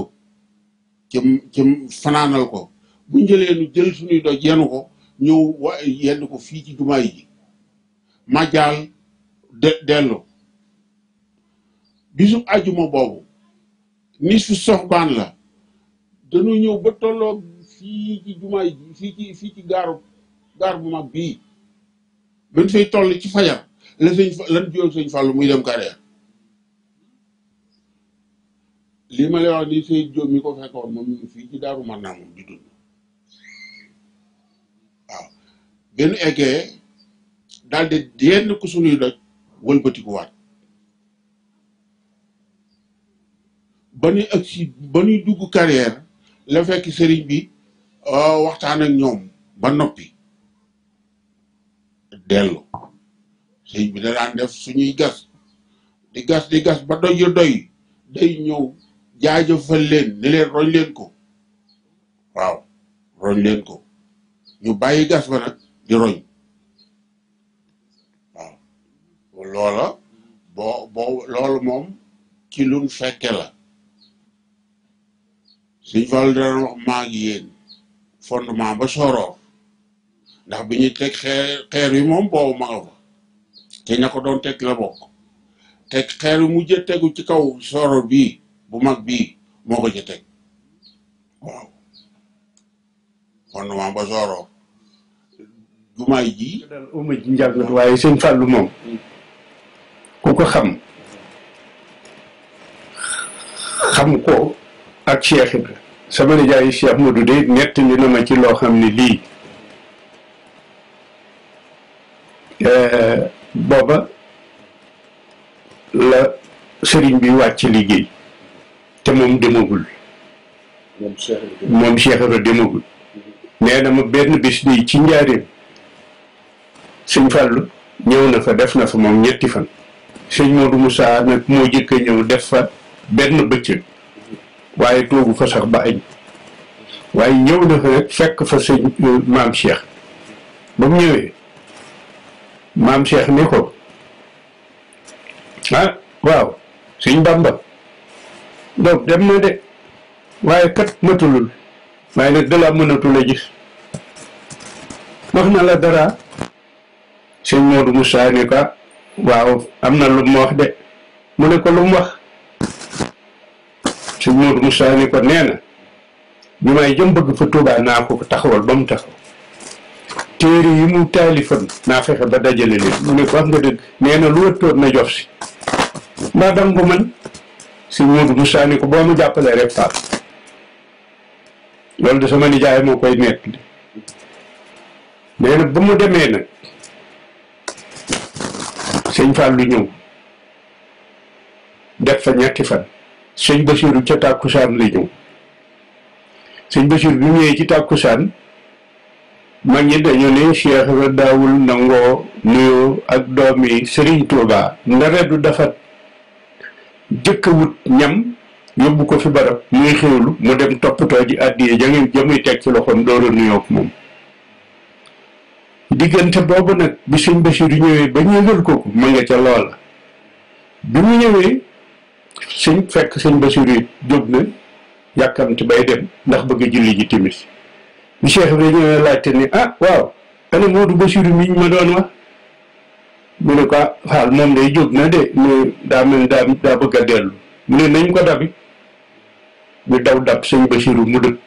ci ci fanaanal ko bu njëlee nu jël suñuy doj yenu ko ñëw wa yenn ko fii ci jumaay ji ma jaal dellu bisu ajuma boobu ni su soxbaan la dañu ñëw ba tolloog fii ci jumaay ji fii ci fii ci gaaru gaar bu mag bii ban fay toll ci fajar la sëñ lan jóon sëñ muy dem carrière lii ma lay wax ni sëñ jóom mi ko fekkoon moom fii ci daaru man naa moom di ben dal daldi den ku suñuy won beti ko wat bani ak ci bani ñuy dugg carrière la fekk serigne bi ah, waxtaan ak ñom ba nopi delu serigne bi da def suñuy gas di gas di gas ba doy doy day ñëw jaajëfal leen ni leen roñ leen ko waaw roñ leen ko ñu bayyi gas ba nak di roy waaw loola boo boo moom ci lun fekke la suñ fal daan wax maa ngi ba soroor ndax bi ñuy teg xeer xeer yi moom boobu ma fa te ña ko doon teg la bokk teg xeer yi mujjë tegu ci kaw soroor bi bu mag bi moo ko ci teg waaw fondement ba soroor jumaay ji daal uma ji waaye sëñ Fallou moom ku ko xam xam ko ak Cheikh Ibra sama nijaayu Cheikh Modou de nett li na ma ci loo xam ne lii eh, booba la sëriñ bi wàcc liggéey te moom demagul moom Cheikh Ibra demagul mm-hmm. nee na ma benn bis nii ci njaareem sëñ Fallu ñëw na fa def na fa moom ñetti fan sëñ Modou Moussa nag moo jëkk a ñëw def fa benn bëccëg waaye toogu fa sax ba añ waaye ñëw na fa rek fekk fa sëñ euh, maam Cheikh ba mu ñëwee maam Cheikh ni ko ah waaw sëñ Bamba donc dem na de waaye kat matulul waaye nag dalaa mënatul a gis wax na la dara sëñ Modou musa ni ko waaw amna lu mu wax de mu ne ko lu mu wax sëñ Modou musa ni ko neena na bi may jëm bëgg fa Touba na ko taxawal bam taxaw yi mu talifam na fexé ba dajale leen mu ne ko nga deug neena na lu wëttoon na jox ci mbaa dam bu man sëñ Modou musa ni ko bo mu jappalé rek fa loolu de sama nijaay mo koy nekk neena bu mu démé nak sëñ Fallou ñëw def fa ñetti fan sëñ Basiiru ca tàkkusaan la ñëw sëñ Basiiru bi ñëwee ci tàkkusaan mag ñi dañu ne Cheikh ba nangoo nuyoo ak doomi Sëriñ Tuuba ndaredu dafa jëkk wut ñam yóbbu ko fi barab muy xéwlu mu dem toppatoo ji àddiye ja ngeen ja muy teg ci loxoom door nuyoo moom diggante boobu nag bi sëñ Basiiru ñëwee ba ñu yëgal ko ma nga ca loola bi mu ñëwee sëñ fekk sëñ Basiiru yi jóg na yàkkamti bay dem ndax bëgg jilli ji timis bi Cheikh bi ñëwee laajte ni ah waaw ana Moodu Basiiru miñ ma doon wax mu ne ko xaal moom day jóg na de mu daa mel daa daa bëgg a dellu mu ne nañ ko dabi ñu daw dab sëñ Basiiru mu dëkk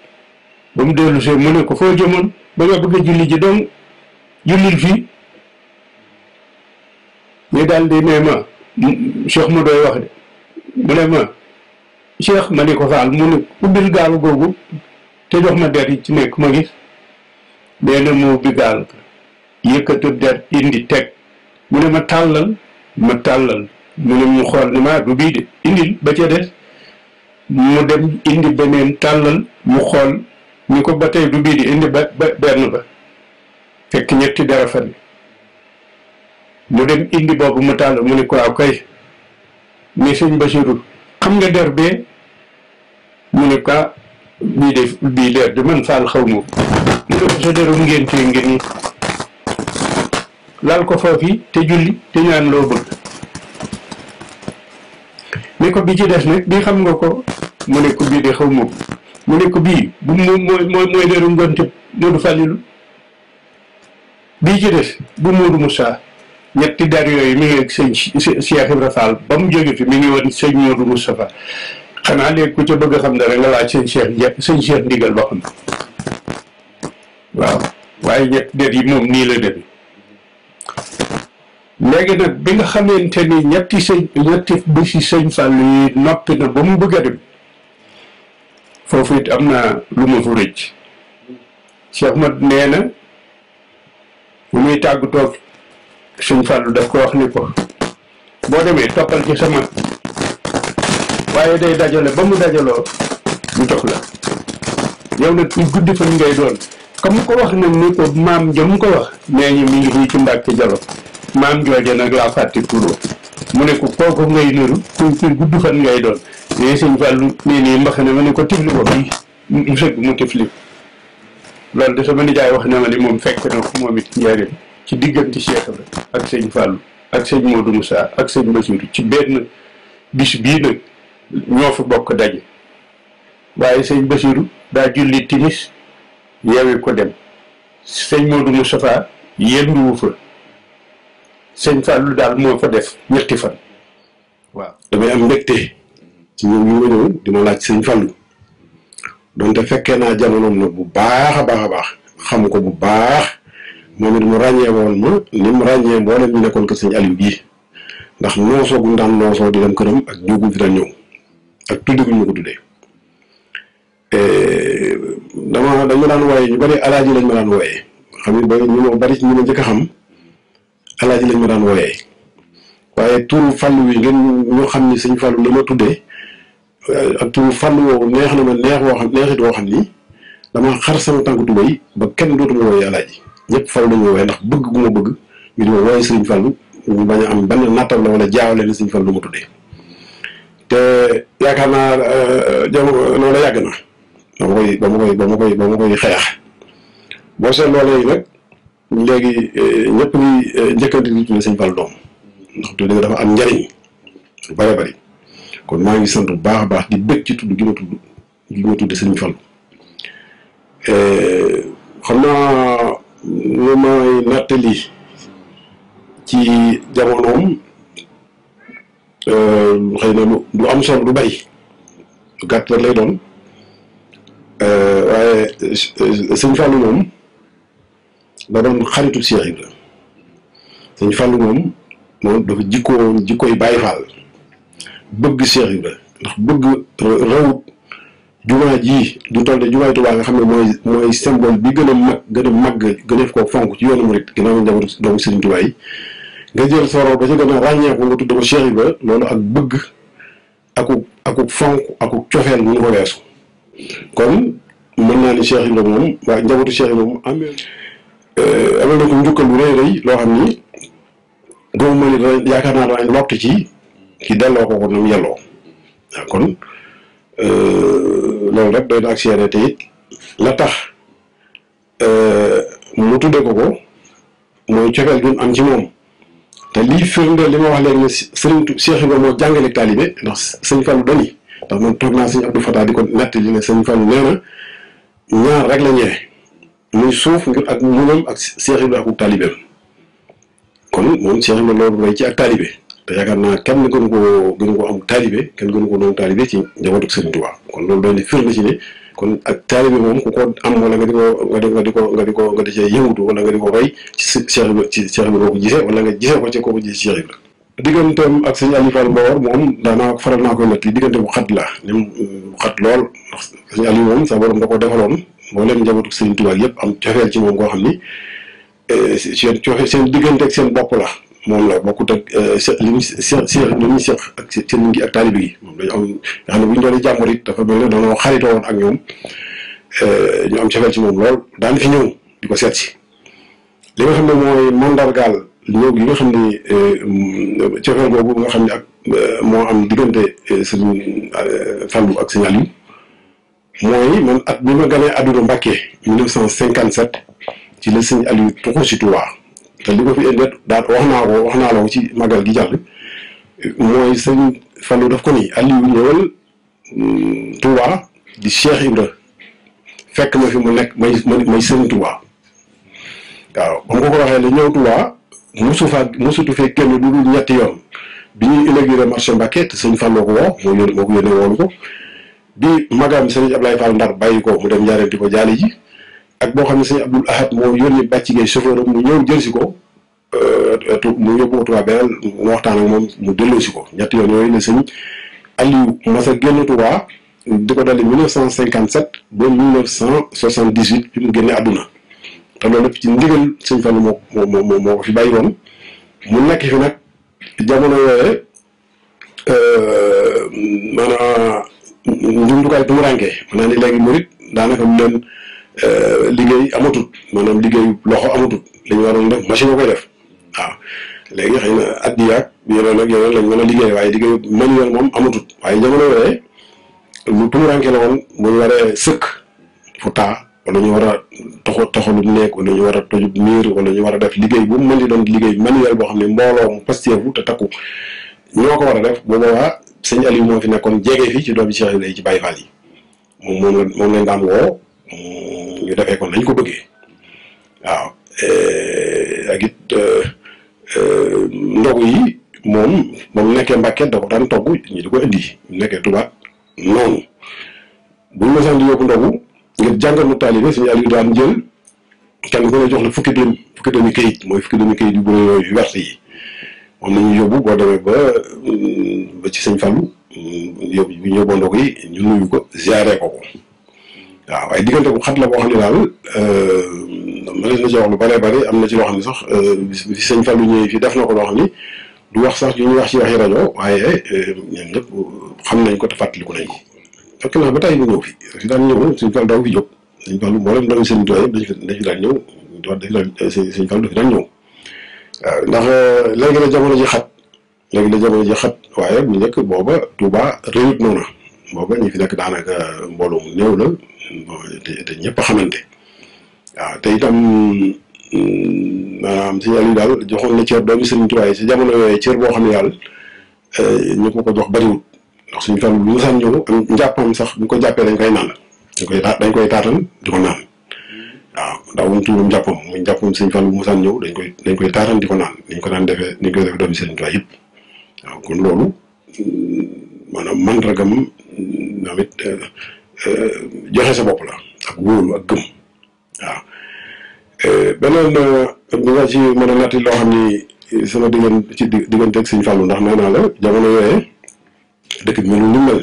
ba mu dellu mu ne ko foo jëmoon ba nga bëgg a julli ji donc jullit fi mais daal di ne ma cheikh ma doy wax de mu ne ma cheikh ma ni ko faal mu ne ubbil gaal googu te jox ma der yi ci nekk ma gis nee na mu ubbi gaal ga der indi teg mu ne ma tàllal ma tàllal mu ne mu xool ne ma ah, du bii de indil ba ca des mu dem indi beneen tàllal mu xool ni ko ba tey du bii di indi ba benn ba fekk ñetti dara fan mu dem indi boobu mu tàll mu ne ko waaw kay mais sëñ Basiru xam nga der bee mu ne ko ah, bii de bii leer di man faal xaw ma mu ne ko sa derum ngénte ngi nii laal ko foofu te julli te ñaan loo bëgg ne ko bi ci des nag bii xam nga ko mu ne ko bii de xaw ma mu ne ko bii mu mooy mooy deru ngonte Moodu Falilu bii ci des bu Mourou Moussa ñetti der yooyu mi ngi ak sëñ Cheikh Ibra ba mu jóge fi mi ngi woon sëñ Mourou Moustapha xanaa léegi ku ca bëgg a xam dara nga laaj sëñ Cheikh njëkk sëñ Cheikh ndigal ba xam waaw waaye ñetti der yi moom nii la dem léegi nag bi nga xamante ni ñetti sëñ ñetti bési sëñ Fall yi noppi na ba mu bëgg a dem foofu it am na lu ma fu rëcc Cheikh Mat nee na. bu muy tàggatoo suñ fàllu daf ko wax ni ko boo demee toppal ci sama waaye day dajale ba mu dajaloo mu jox la yow nag ñu guddi fan ngay doon comme ko wax nag ko maam ja mu ko wax nee ñi mi ngi fii ci Mbàkke Jalo maam jooje nag laa fàtti turo mu ne ko kooku ngay niru ku ku gudd fan ngay doon nee sëñ Fàllu nee nii mbax ne ma ne ko tifli ko fii mu sëgg mu tifli loolu de sama nijaay wax na ma ne moom fekk na ko moom it njëriñ ci diggante Cheikh Ibra ak sëñ Fallou ak sëñ Modou Moussa ak sëñ Bassirou ci benn bis bii nag ñoo fa bokk daje waaye sëñ Bassirou daal julli timis yeewi ko dem sëñ Modou Moustapha yenduwu fa sëñ Fallou daal moo fa def ñetti fan waaw damay am mbégte ci ñoom ñu ma di ma laaj sëñ Fallou donte fekkee naa jamonoom nag bu baax a baax a baax xam ko bu baax moom it mu ràññee woon ma ni mu ràññee mboolem ñu nekkoon ko sëñ Aliou bii ndax noosoo gu daan noosoo di dem këram ak ñëw gu fi daan ak tuddi gu ñu ko tuddee eh, ma daan wooyee ñu bari alaaji lañ ma daan wooyee xam nga ñu ma bari ñu ma njëkk a xam allaaji lañ ma daan wooyee waaye turu fàllu wi ngeen ñu xam ni sëñ fàllu li ma tuddee ak tu fànn woowu neex na ma neex woo xam neexit woo xam ni dama xar sama tànk tubéy ba kenn dootuma wooyee alaaji ñëpp Fallu lañu wooyee ndax bëgg gu ma bañ am benn nattam la wala jaawale ni Sëriñ Fallu ma tuddee te yaakaar naa euh, jam loola yàgg na ba ma koy xeex boo seet loola yi nag léegi euh, ñëpp ngi euh, njëkkante di tuddee Sëriñ doom ndax tuddee dafa am njariñ lu bare bari kon maa ngi sant bu baax a baax di bëgg ci tudd gi ma tudd gi ma tudd Sëriñ Fallu eh, xam naa lu may nattali ci jamonoom eh, xëy na lu am solo lu bari lu gàtt rek doon eh, waaye sëñ Fàllu moom da doon xaritu Cheikh Ibra sëñ Fàllu moom moom dafa jikkoo jikkoy Baay Faal bëgg Cheikh Ibra ndax bëgg raw jumaa ji du toll de jumaa tubaa nga xam ne mooy mooy symbole bi gën a mag gën a mag gën a koo fonk ci yoonu murit ginnaaw njaboot doomu Sëriñ tubaa yi nga jël sa raw ba ci gën a ràññee ko nga tudd ko Cheikh ba loolu ak bëgg aku aku fonk aku cofeel bu ñu ko weesu kon mën naa ni Cheikh Ibra moom waaye njabootu Cheikh Ibra moom amee eh, amee na ko njukkal bu rëy rëy loo xam ni góobu ma yaakaar naa daañ lott ci ki delloo ko ko nam yelloo waaw ah, kon euh, loolu rek doy na ak seere te la tax euh, mu tudde ko ko mooy cofeel gi am ci moom te lii firnde li ma wax léegi ne sëriñ Cheikh Ibrahima moo jàngale taalibe ndax sëñ Fallou doni ndax man toog naa sëñ Abdou Fatah di ko nett li ne sëñ Fallou nee na ñaar rek la muy suuf ngir ak muñam ak Cheikh Ibrahima ak taalibeem kon moom Cheikh Ibrahima loolu lay ci ak taalibe te yaakaar na kenn gënu ko gënu ko am taalibe kenn gënu ko doon taalibe ci njabootu Sëriñ Tuubaa kon loolu doy na firnde ci ne kon ak taalibe moom ku ko am wala nga di ko nga di ko nga di ko nga di cee yëngatu ko roy ci ko wala nga gisee ko ci koo ak sëñ Aliou moom daanaa faral naa koy natti diggante bu xat la ni mu xat lool ndax moom sa borom da ko defaloon mboolem njabootu Sëriñ Tuubaa yëpp am cofeel ci moom koo xam ni eh, seen cofeel seen diggante ak seen bopp la moom la bokkut ak euh, li ñu seq seq li ñu seq ak seen ngi ak taalibe yi moom dañu am nga xam ne bu ñu doon jàmbur it dafa mel ne dañoo xaritoo woon ak ñoom euh, ñu am cofeel ci moom lool daan fi ñëw di ko seet si li nga xam ne mooy mandargaal ñëw gi nga xam ne euh, cofeel boobu nga xam ne ak moo am diggante Serigne Fallou ak Serigne Aliou mooy man at bi ma ganee àdduna Mbàkke 1957 ci la Serigne Aliou tuxu si Tuubaa te li ko fi indi daal wax naa ko wax naa la ko ci magal gi jàll mooy sëñ Fallou daf ko nii Aliou ñëwal mm, Touba di Cheikh Ibra fekk ma fi mu nekk may may sëñ Touba waaw ba mu ko ko waxee la ñëw Touba mosu fa mosutu fee kenn du dul ñetti yoon bi ñuy inauguré marché Mbacké te sëñ Fallou ko woo moo moo ko yónnee woolu ko bi magam sëñ Ablaye Fall Ndar bàyyi ko mu dem Ndiarène di ko jaale ji ak boo xam ne sëñ Abdul Ahad moo yónni bàcc gay chauffeur mu ñëw jël si ko euh, mu yóbbu ko Touba mu waxtaan ak moom mu delloo si ko ñetti yoon yooyu la sëñ Aliou Massa génn Touba di ko dali 1957 ba 1978 bi mu génne àdduna te loolu lépp ci ndigal sëñ Fallou moo moo fi mu nekk fi nag jamono yooyee euh, maanaam njumtukaay bu mu rànkee maanaam ni léegi daanaka mu leen. Euh, liggéey amatut maanaam liggéey loxo amatut li ñu waroon def machine a koy def waaw léegi xëy na at yii ak yeneen ak yeneen lañ mën a liggéey waaye liggéey manuel moom amatut waaye jamono yooyee lu tuuranke la woon bu ñu waree sëkk fu taa wala ñu war a toxo toxalu nekk wala ñu war a tojub wala ñu war a def liggéey bu mu mën di doon liggéey manuel boo xam ne mbooloo mu pasteefu te takku ñoo ko war a def bu boobaa sëñ Aliou moo fi nekkoon jege fii ci doomi Cheikh Ibrahima ci bay Fall yi moom moom la moom lañ daan woo. ñu defee ko nañ ko bëggee waaw eh, ak eh, eh, yi moom moom nekkee Mbàkke da ko daan togg ñu di ko indi nekkee Tuubaa noonu buñ ma sax di yóbbu ndogu ngir jàngal mu taalibe suñu àll daan jël kenn ku ne jox la fukki dëm fukki mooy fukki dëmi kayit yu bëri yooyu vert yi moom la ñuy yóbbu boo demee ba ba ci sëñ Fallou mm, yóbbu ñu yóbboo ndogu yi ñu nuyu ko ziare ko ko waaw waaye diggante bu xat la boo xam ne daal mënees na ci wax lu bëree bëri am na ci loo xam ne sax bi sëñ Fallou ñëwee fii def na ko loo xam ni du wax sax yu ñuy wax ci waxi rajo waaye ñoom ñëpp xam nañ ko te fàttaliku nañ ko. fekk naa ba tey ñu ñëw fi si daan ñëw sëñ Fallou daaw fi jóg sëñ Fallou moo leen doon seen doy yëpp dañ fi dañ fi daan ñëw dañ daan sëñ Fallou dafi daan ñëw waaw ndax léegi la jamono ji xat léegi la jamono ji xat waaye bu njëkk booba Touba réewut noonu booba ñi fi nekk daanaka mbooloo mu néew la bon te ñëpp xamante waaw ah, te itam mm, maanaam si yàlla daal joxoon na cër doomi Sëriñ Tuubaa si jamono yooyu cër boo xam ne daal eh, ñu ko ko jox bariwut ndax suñu fan bu masaan ñëw am njàppam sax bu ko jàppee dañ koy naan dañ koy dañ koy taatan di ko naan waaw ah, ndax moom tuuram njàppam muy njàppam suñu fan bu ñëw dañ koy dañ koy taatan di ko naan dañ ko koy defee doomi Sëriñ Tuubaa yëpp waaw ah, kon loolu mm, maanaam mandragam tamit mm, Euh, joxe sa bopp la ak wóolu ak gëm waaw euh, beneen dinaa ci mën a natti loo xam ni sama diggante ci diggante ak Sëñ Fallou ndax nee naa la jamono yooyee dëkk bi melul ni mel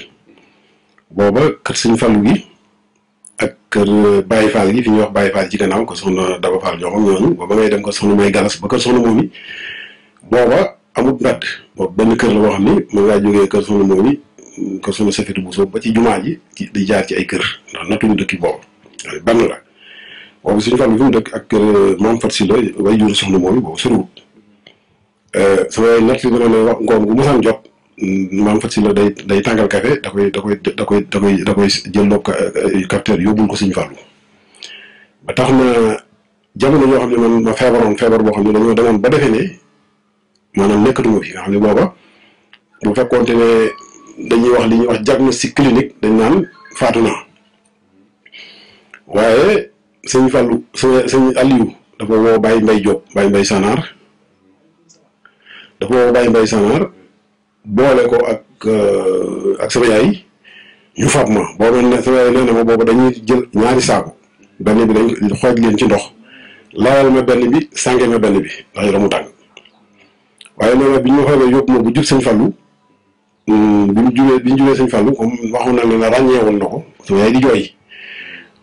booba kër Sëñ Fallou gi ak kër Baye Fall gi fi ñuy wax Baye Fall ci gannaaw ko soxna Daba Fall joxam ñooñu booba ngay dem ko soxna may moom yi booba amut mbedd boobu benn kër la boo xam ni mën ngaa jógee kër soxna moom yi kër sama safetu bu soob ba ci jumaa ji ci di jaar ci ay kër ndax nattuñu dëkki boobu benn la boobu suñu fàllu fi mu dëkk ak euh, maam fat si la way jur soxna moomi boobu soriwut euh, sama natt li dana ne wax ngoom gu mosaan jot mm, maam fat si la day day tàngal café da koy da da da koy da koy jël loo euh, capteur yóbbul ko suñu fàllu ba tax na jamono yoo xam ne man ma feebaroon feebar boo xam ne dañoo demoon ba defee ne maanaam nekkatuma fi nga xam ne booba bu fekkoonte ne dañuy wax li ñuy wax diagnostic clinique dañ naan faatu na waaye sëñ Fallou sëñ Aliou dafa woo Baye Mbaye Diop Baye Mbaye Sanaar dafa woo Baye Mbaye Sanaar boole ko ak euh, ak sama yaay ñu fab ma booba ne sama yaay nee na ma booba dañuy jël ñaari saako benn bi dañ xooj leen ci ndox lawal ma benn bi sànge ma benn bi ndax yaram mu tàng waaye nee na bi ñu ma xoojee yóbbu ma bu jub sëñ Fallou bi mu jugee bi ñu jugee sëñ Fallou comme waxoon na ko. sama di jooy.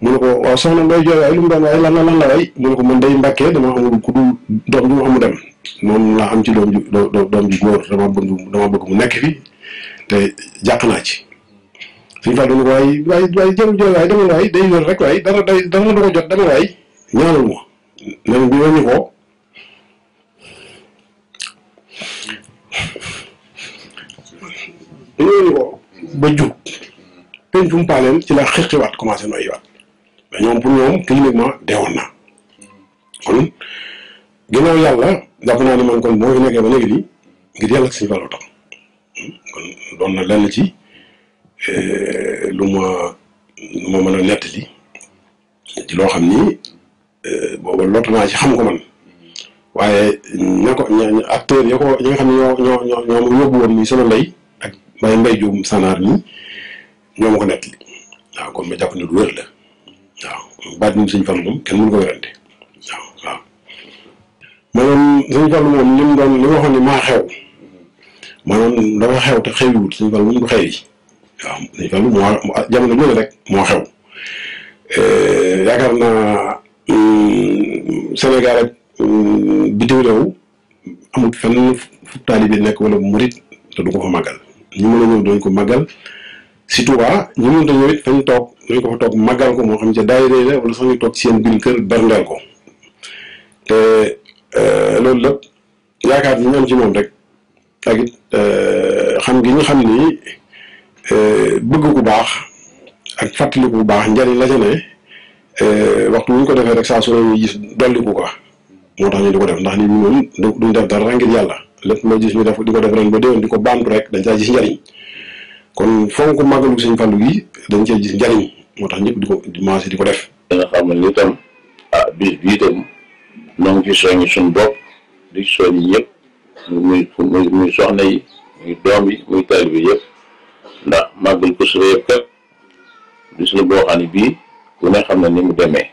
mu ne ko waaw soxna ngay jooy lu mu doon waaye lan la lan la waay mu ne ko man day mbàkkee dama amul ku dul doom bi ma mu dem. moom naa am ci doom ju doom ju góor dama bëgg mu nekk fi te jàq naa ci. sëñ Fallou ne ko waaye waaye waaye jooy waaye dama waay day yor rek waaye dara day dara du ko jot dama waay ñaanal ma. nee na bi ñu ko. dañoo ko ba jug pencum paaleen ci la xiqiwaat commencé noyyiwaat mais ñoom pour ñoom cliniquement deewoon na kon ginnaaw yàlla jàpp naa ne man kon moo fi nekkee ba léegi nii ngir yàlla ak suñu valoo tax kon doon na lenn ci eh, lu ma lu ma mën a nettali ci loo xam ni eh, booba lot naa ci xam ko man waaye ña ko ña acteurs ya ko ñi nga xam ne ñoo ñoo ñoo ñoo yóbbu woon nii sama lay may mbay jum sanaar mi ñoo ko nett li waaw kon ma jàpp ne lu wér la waaw baat ñu sëñ moom kenn mënu ko werante waaw waaw maa xew maanaam xew te xew yiwut sëñ Fallu moom du xew yi waaw sëñ moo jamono lu ne rek moo xew eh, yaakaar naa mm, Sénégal ak mm, bitim réew amul fenn nekk wala murit te du ko fa màggal ñu mën a ñëw dañ ko màggal si Touba ñu mën a ñëw it fañ toog dañ ko fa toog màggal ko moo xam ca daayira la wala sax ñu toog seen biir kër berndeel ko te euh, loolu lépp yaakaar bi ñu am ci moom rek ak it euh, xam gi ñu xam ni euh, bëgg ku baax ak fàttaliku bu baax njariñ la ca ne waxtu ñu ko defee rek saa su ñu gis dolliku ko moo tax ñu di ko def ndax ni ñi moom duñ def dara ngir yàlla lépp mooy gis ñu def di ko def ren ba déwén di ko baamtu rek dañ caa gis njariñ kon fonk màggalu sëñ Fallu gi dañ cee gis njariñ moo tax ñëpp di ko commencé di ko def. danga xam ne ni tam ah bis bii tam ñoo ngi di soññ ñëpp muy muy bi yëpp ndax màggal ko suba yëpp kat bis la boo xam ne bii ku ne xam na ni mu demee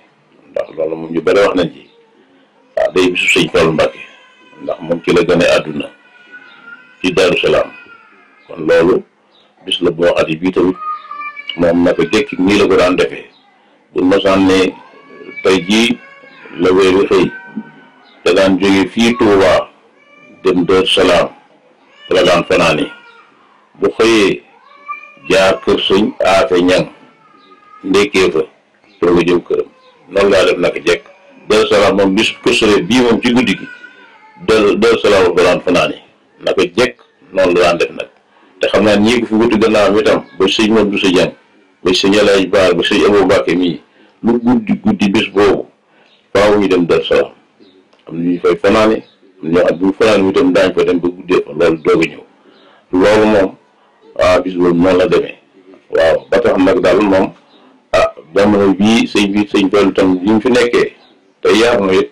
ndax loolu moom ñu bëri wax nañ ci waaw ah, day bisu sëñ Fallu Mbàkke ndax moom ci la gëné aduna ci daru salam kon lolu bis la bo xati bi tamit moom naka jekki ni la ko daan defee bu ma ne tay ji la wéru xëy da daan jëgé fi Touba dem do salam la daan fanani bu xëyee jaar kër sëñ aafe ñang ndéké fa dooga jëw kërëm non laa def naka jekk daaru salam mom bis ko sore bi mom ci guddi gi del del solaawu galaan fanaan yi naka jekk noonu la daan nag te xam naa ñii ko fi wutu gannaaw itam ba sëñ Modou Bousso Dieng ba sëñ El Hadj Baar ba sëñ boobu faaw dem del salaam am na ñu fay fanaan yi ñoo xam bu fanaan yi itam fa dem ba guddee fa loolu doog a ñëw loolu moom ah bis boobu noonu la demee waaw ba tax nag daal moom ah jamono bii sëñ bi sëñ tool itam li fi nekkee te yaar na it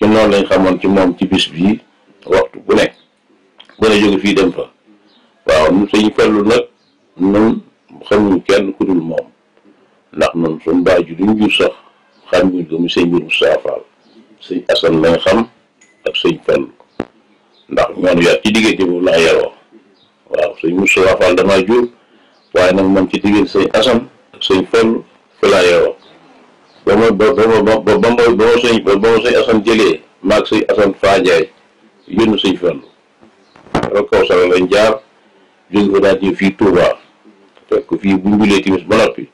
ci noonu lañ xamoon ci moom ci bis bii waxtu bu nekk bu ne jóge fii dem fa waaw nu sëñ Fallu nag nun xamuñ kenn ku moom ndax nun suñ baaju duñ jur sax xamuñ ko mu sëñ bir Mustafaa lañ xam ak sëñ Fallu ndax ñoonu yar ci diggante boobu laa yaroo waaw sëñ Mustafaa Faal damaa jur waaye nag moom ci diggante sëñ Asan ak sëñ Fallu fi laa yaroo ba ma ba ba ba ba ma ba ma sëñ ba ma sëñ asan jëlee maag sëñ asan faajaay yónn sëñ Fallu wala kaw sara jaar jóge fa daal di fii Touba fekk fii bu njulee timis ba noppi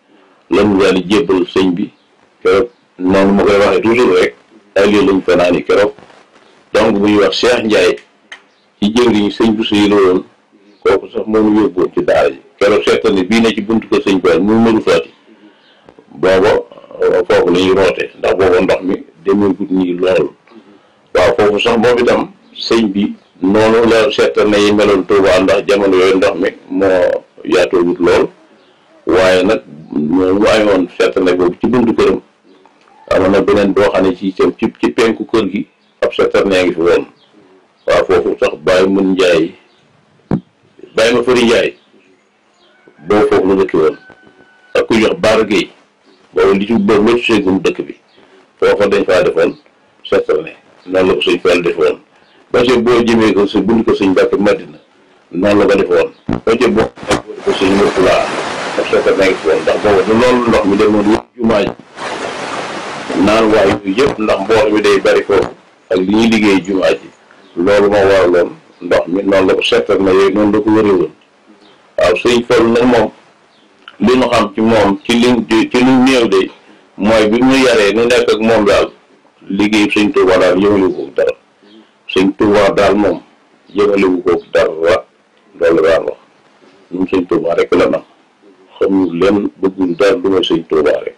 lan daal di jébbal sëñ bi keroog noonu ma koy waxee toujours rek ay lii lañ fanaani keroog donc bu ñuy wax Cheikh Ndiaye ci jëwriñ sëñ bu sëy la woon kooku sax moom yóbboon ci daara ji keroog seetal ni bii ne ci buntu ko sëñ bi mu mënu faati booba foofu la roote ndax booba ndox mi demeegut nii lool waaw foofu sax boobu itam sëñ bi noonu la seetal na yi meloon Tuubaa ndax jamono yooyu ndox mi moo yaatoogut lool waaye nag moom mu amoon seetal na boobu ci buntu këram amoon na beneen boo xam ne ci ci ci penku kër gi ab seetal naa ngi fi woon waaw foofu sax bàyyi mun njaay bàyyi ma fëri njaay boo foofu la dëkki woon ak ku jox baar géey moom li ba métti dëkk bi foofa dañ faa defoon sotone naan la ko suñ fàll defoon su bundi ko suñ la ko defoon projet boo boobu du loolu ndox mi demoon yëpp jumaa ji naan waay yëpp ndax mboor mi de bari foofu ak li liggéey jumaa ji loolu moo waraloon ndox mi noonu la ko sotone yooyu noonu la ko wëraloon waaw suñ fàll nag moom li nu xam ci moom ci liñ ci néew de mooy bi mu yaree nu nekk ak moom daal liggéey sëñ Tuuba daal yëngalu ko dara sëñ Tuuba daal moom yëngalu ko dara loolu daan wax ñun sëñ Tuuba rek la nag xamul leen bëggul dara du ma sëñ Tuuba rek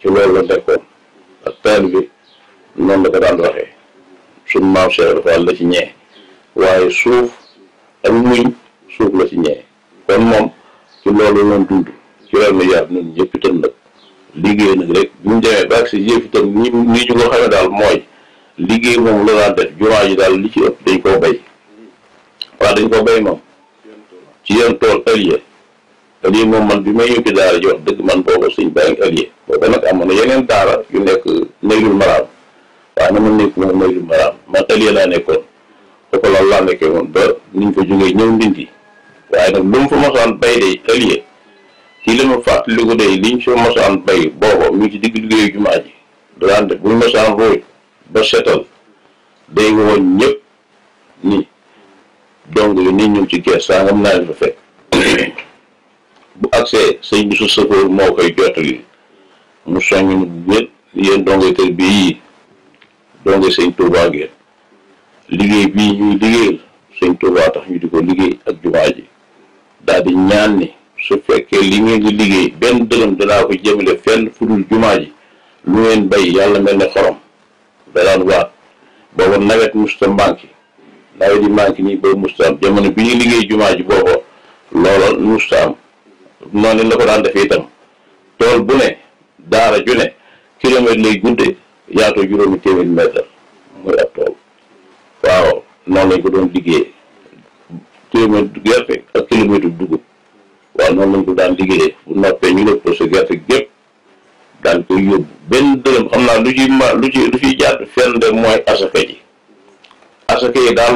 ci loolu la nekkoon ak taal bi noonu la ko daan waxee suñ maam Cheikh Fall la ci ñee waaye suuf ak muñ suuf la ci ñee kon moom ci loolu la doon ci na mi yaatu ñun ñëpp itam nag liggéey nag rek bu ñu demee ba si yëf itam nii ñu ko xamee daal mooy liggéey moom la daan def jumaa ji daal li ci ëpp dañ koo béy waaw dañ koo béy moom ci yenn tool ëllëg ëllëg moom man bi may yóbbi daara ji wax dëgg man boobu suñ bàyyi ëllëg boobu nag amoon na yeneen daara yu nekk Naylul Maraam waaw na ma nekk moom Naylul Maraam man ëllëg laa nekkoon kooku loolu laa nekkee moom ba niñ ko jógee ñëw ndindi waaye nag lu mu fa mosaan béy ci li ma fàttaliku day liñ fi mosaan bay booba mu ngi ci digg liggéeyu jumaa ji daan def mosaan rooj ba setal day woon ñëpp ni dong yi ni ñu ci gees saa ngam naa leen fa fekk bu agsee sëñ bi su sëfoor moo koy jottali mu soññ nu ñëpp yéen dongo kër bi yii dongo sëñ Tuubaa gi liggéey bii ñuy liggéeyal sëñ Tuubaa tax ñu di ko liggéey ak jumaa ji ñaan ni su fekkee li ngeen di liggéey benn dërëm danaa ko jëmale fenn fudul jumaa ji lu ngeen bay yàlla mel ne xorom da daan waat booba nawet musta manqué nawet yi manqué nii boobu musta am jamono bi ñu liggéey jumaa ji booba loola musta am noonu la ko daan defee itam tool bu ne daara ju ne kilomètre lay gunte yaatoo juróomi téeméeri mètre muy ab tool waaw noonu lañ ko doon liggéeyee téeméer gerte ak kilomètre dugub waaw noonu lañ ko daan liggéeyee bu noppee ñu def ko xam naa lu lu ci lu ciy jàdd fenn de mooy asaka ji asaka yi daal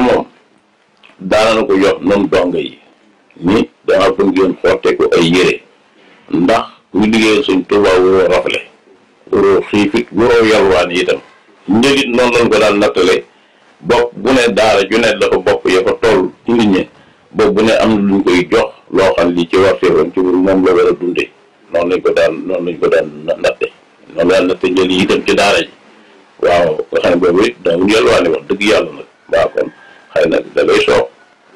yi ni ndax kuy liggéeyal suñ Tuubaa nattale bopp bu ne daara ju ne dafa bopp ya fa toll ci nit ñi bu ne am na luñ koy jox loo xam li ci war feewoon ci moom la war a dunde noonu lañ ko daan noonu lañ ko daan natte noonu daan natte njël yi dem ci daara ji waaw nga xam ne boobu yàlla nag xëy na da ngay soob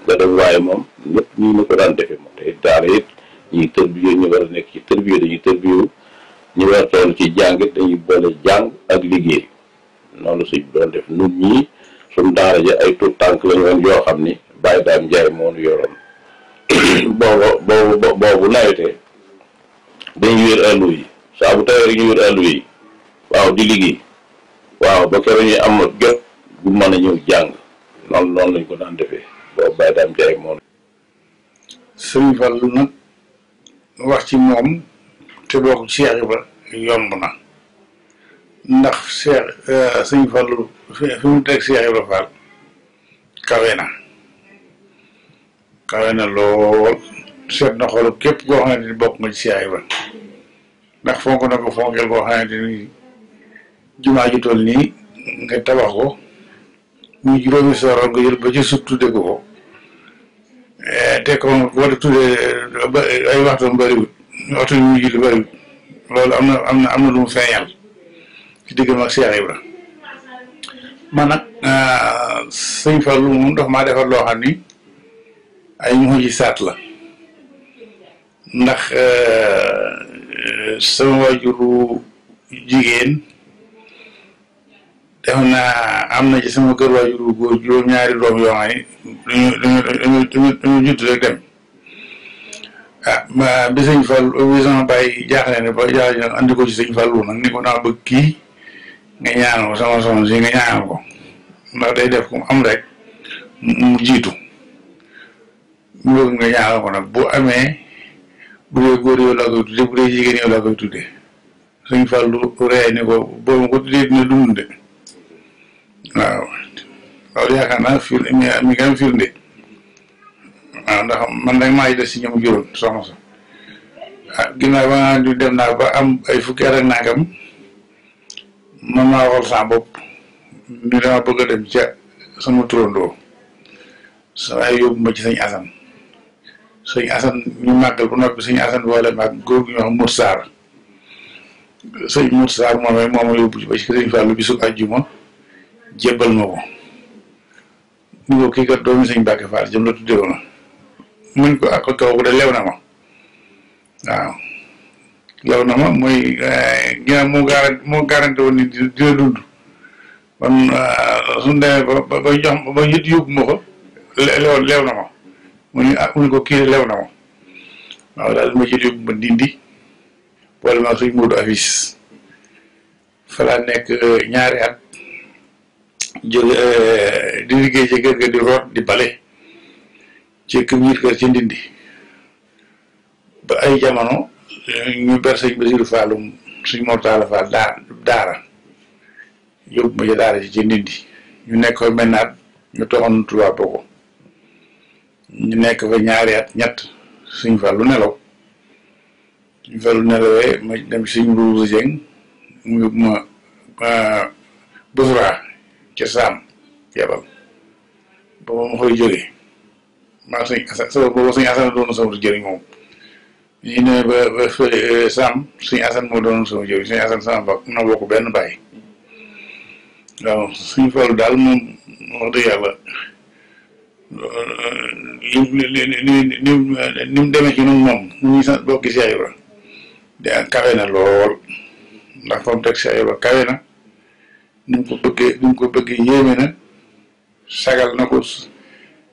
nga dem waaye moom ñëpp ñii ñu ko daan defee moom te daara it ñuy ñu nekk ci tërbiyo dañuy tërbiyo ñu war a ci jàng dañuy boole jàng ak liggéey noonu suñ doon def nun ñii suñ daara ja ay tuut tànk lañu woon yoo xam ni bàyyi daam njaay moonu yoroon booba <coughs> boobu boobu nawetee dañu wér àllu yi saa bu tawee rek ñu waaw di liggéey waaw ba keroog ñu am jot bu mën a ñëw jàng noonu noonu lañ ko daan defee boobu Baye Dame Ndiaye moom. sëñ Fallou nag wax ci moom te bokk Cheikh Ibra yomb na ndax Cheikh euh, sëñ Fallou fi mu teg Cheikh Ibra Fall na. kawe na lool seet na xolub képp koo xamante ni bokk nga ba ndax fonk na ko fonkeel koo xamante ni jumaa ju toll nii nga tabax ko muy juróomi sooroon nga jël ba ci sut tudde ko ko eh, te kon war a tuddee eh, eh, ay waxtoon bëriwut waxtu bi loolu am na am na am na feeñal ci diggam ak Cheikh Ibra man nag ah, sëñ Fallou moom maa defar loo xam ni ay saat la ndax euh, sama waajuru jigéen def naa am na ci sama kër waajuru góor juróom-ñaari doom yoo xam ne duñu duñu dem ah ma bi sëñ Fall bi sama bàyyi jaaxle ne ba jaaxle ne andi ko ci sëñ Fallu ni ko naa bëgg kii nga ñaanal ko sama soxna si nga ñaanal ko ndax day def ko am rek mu jiitu mbir nga ñaar ko bu amee bu dee góor yow laa koy tuddee bu dee jigéen yow laa koy tuddee suñ fàllu ree ni ko boo ko tuddee dina dund de waaw loolu yaakaar na fir mi mi ngi am waaw ndax man nag maa ngi des si ñoom juróom soxna sax ah ginnaaw ba nga di dem naa ba am ay fukki at ak nangam man maa waxal sama bopp ni dama bëgg dem ca sama turandoo sama yóbbu ma ci sañ asam sëñ Assane ñu màggal bu noppi sëñ Assane boole maag góor gi ñu wax Mour Sarr sëñ Mour Sarr moomee mooma yóbbu ci ba ci sëñ Fallou bisu àjjuma ma ko mu ko ko ak kaw de lew na ma waaw lew na ma mooy ginnaaw eh, moo gaara moo garanté woon ni dina dund kon ah, suñu ba ba jox ba yóbbu ma ko lew na ma Ah, mu ne ko kii lew ma waaw daal ma jël yóbbu ma dindi boole maa suñ Moodu Afis fa nekk euh, ñaari at jóge euh, di liggéey ci kër ga di root di bale ci commune ci ndindi ay jamono euh, ñu ber sëñ Basiru Fallum suñ Mortala Fall daara yóbbu ma daara ci ndindi ñu nekk fa ñu toxoon Tuubaa boko ñu nekk fa ñaari at ñett suñ Fallu nelaw suñ Fallu nelawee ma dem suñ Mbuubu Jeng mu yóbbu ma ah, Bufra ca Saam yebal ba ma koy jógee maa suñ asa sabab boobu suñ Asan doon sama jëriñ moom ñu ne ba ba eh, Saam suñ Asan moo doon sama jëriñ suñ Asan sama ba na bokk benn bàyyi waaw suñ Fallu daal moom wax dëgg yàlla li li li ni mu demee ci noonu moom nu ñuy sant bokki Cheikh Ibra de ak kawe na lool ndax fa mu teg Cheikh Ibra kawe na ni ko bëggee ni ko bëggee yéeme na sagal na ko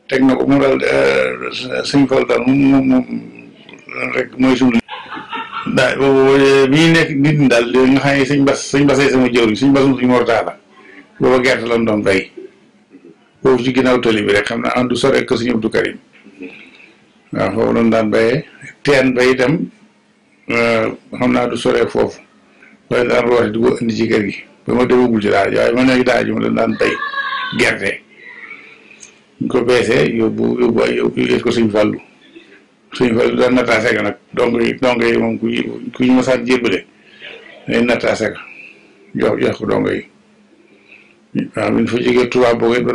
teg na ko mu daal eh, suñ fal daal moom moom moom rek mooy suñu daa bi ñu nekk nit ñi daal nga xam ne suñ bas suñ basee sama jëwriñ suñ basum suñ mortaala booba gerte lan doon bay foofu ci ginaaw tali bi rek xam ne àndu sore ak sëñ Abdou Karim waaw foofu lañ daan béyee teen ba itam euh, xam naa du sore foofu loolu daan roote di ko indi ci kër gi ba ma demagul ci daal daan béy gerte ñu ko beesee yóbbu dong yi dong yi moom ku ñu ku ñu masaan jébbale dañ nattaase ka jox jox ko dong yi waaw bi ñu fa jógee tubaab boobu it ba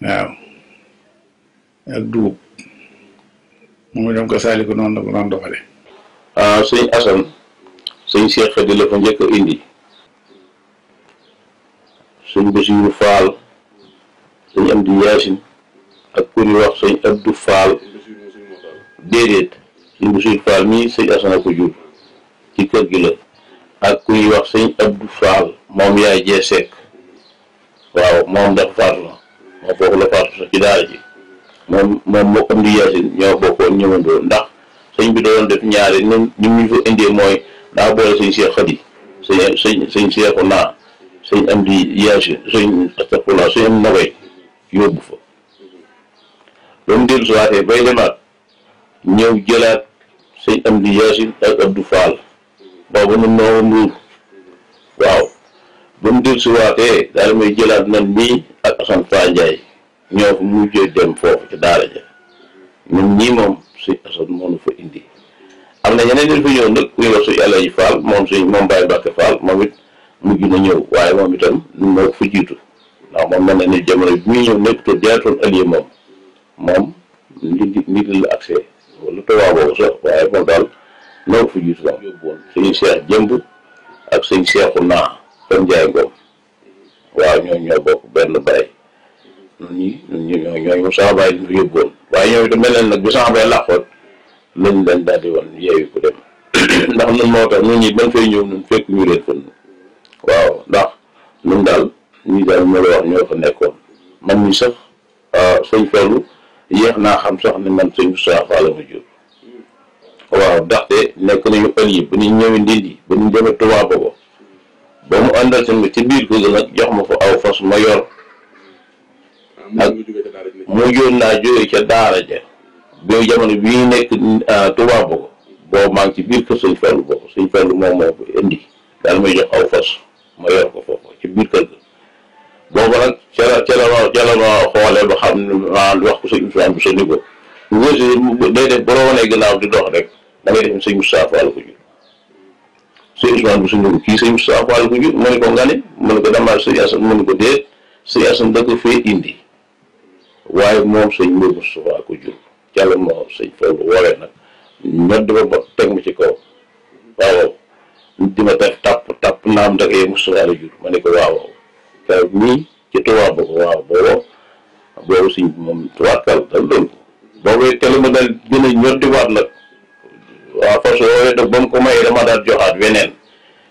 waaw ak dugub moom itam ko saaliku noonu la ko doon doxale ah sëñ Assane sëñ Cheikh di la fa njëkk a indi sëñ Basiiru Faal sëñ Amdi Yaasin ak ku ñuy wax sëñ Abdu Faal déedéet sëñ Basiiru Faal mii sëñ Assane a ko jur ci ak kuy wax sëñ Abdou Fall moom yaay jee sekk waaw moom ndax far la moo bokk la faatu sax ci daara ji moom moom moo am di yaasin ñoo bokkoon ñëwandoo ndax sëñ bi doon def ñaari ni ñu ñu fa mooy daa boole sëñ Cheikh Khady sëñ sëñ sëñ Cheikhu naa sëñ am di yaasin sëñ astafurlah sëñ am nabay fa ba mu dellu bay demaat ñëw jëlaat sëñ am di yaasin ak Abdou Fall boobu nun noo woon waaw ba mu dil suwaatee daal may jëlaat man mii ak Assane Fa Ndiaye ñoo fa mujjee dem foofu ci daara ja ñun ñii moom suñ Assane moo nu fa indi am na ñeneen ñu fa ñëw nag ku ñuy wax suñ El Hadj Fall moom suñ moom Baye Mbacke Fall moom it mujj na ñëw waaye mën na ne jamono bi muy ñëw nekk waaye moom daal. moo ko jiitu woon suñu seex jëmb ak suñu seexu naa kon jaay ngoom waaw ñoo ñoo bokk benn baay ñun ñii ñun ñoo ñoo sama baay ñu yóbbuwoon waaye ñoom itam mel na nag bi sama baay làqoon lañ di woon yeewi <coughs> ndax ñun moo tax ñun ñi ban fay ñëw ñun fekk ñu leen fën waaw ndax ñun daal ñii daal ñoo la wax fa nekkoon man mi sax ah, sëñ Fallou yéex naa xam sax ni man sëñ Moussa Fall ma jur waaw ndaxte nekk nañu ël yi bu ñu ñëwee ndindi bu ñu demee Tuubaa boobu ba mu àndal seen ci biir ko nag jox ma fa aw fas ma yor ak mu jóon naa jógee ca daara ja bi jamono bi ñu nekk Tuubaa boobu boobu maa ngi ci biir ko suñ fellu boobu suñ fellu moom moo ko indi daal may jox aw fas ma yor ko foofu ci biir kër ga boobu nag ca la ca la ma ca la ma xoolee ba xam ne maa wax ko suñ islam bi sa niveau bu gëstu day def bu la wanee gannaaw di dox rek da ngay def sëñ Moustapha Fall ko jur sëñ Ousmane bu suñu kii ko jur mu ne ko nga ne mu ko damaa sëñ Assane ko déet sëñ Assane ko fee indi waaye moom sëñ ba teg ma ci kaw waaw di ko waaw waaw nii ba ko waaw moom tubaab kàlla dal loolu boobu it teel a ma daal gën a ñoddiwaat nag. waaw parce que yooyu nag ba mu ko mayee dama daal joxaat weneen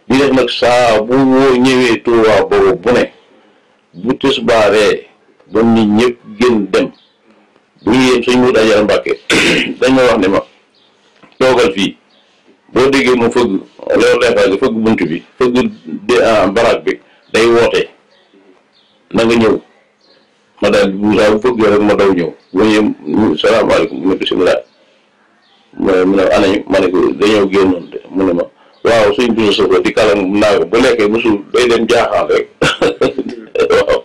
di def nag saa bu woo ñëwee Tuubaa boobu bu ne bu tisbaaree ba nit ñëpp gën dem bu ñu yéen suñ mu dajal Mbàkke <coughs> dañ ma ne ma toogal fii boo déggee mu fëgg loolu leefaa gi fëgg bunt bi fëgg de ah, baraag bi day woote na nga ñëw ma daal bu saa bu fëgg rek ma daw ñëw bu ñëw salaamaaleykum bu nekk si mu ne mu ne anañu ma ne ko dañoo génnoon de mu ne ma waaw suñ biir suuf la di kalam naa bu lekkee bu suuf day dem jaaxaan rek <laughs> waaw waaw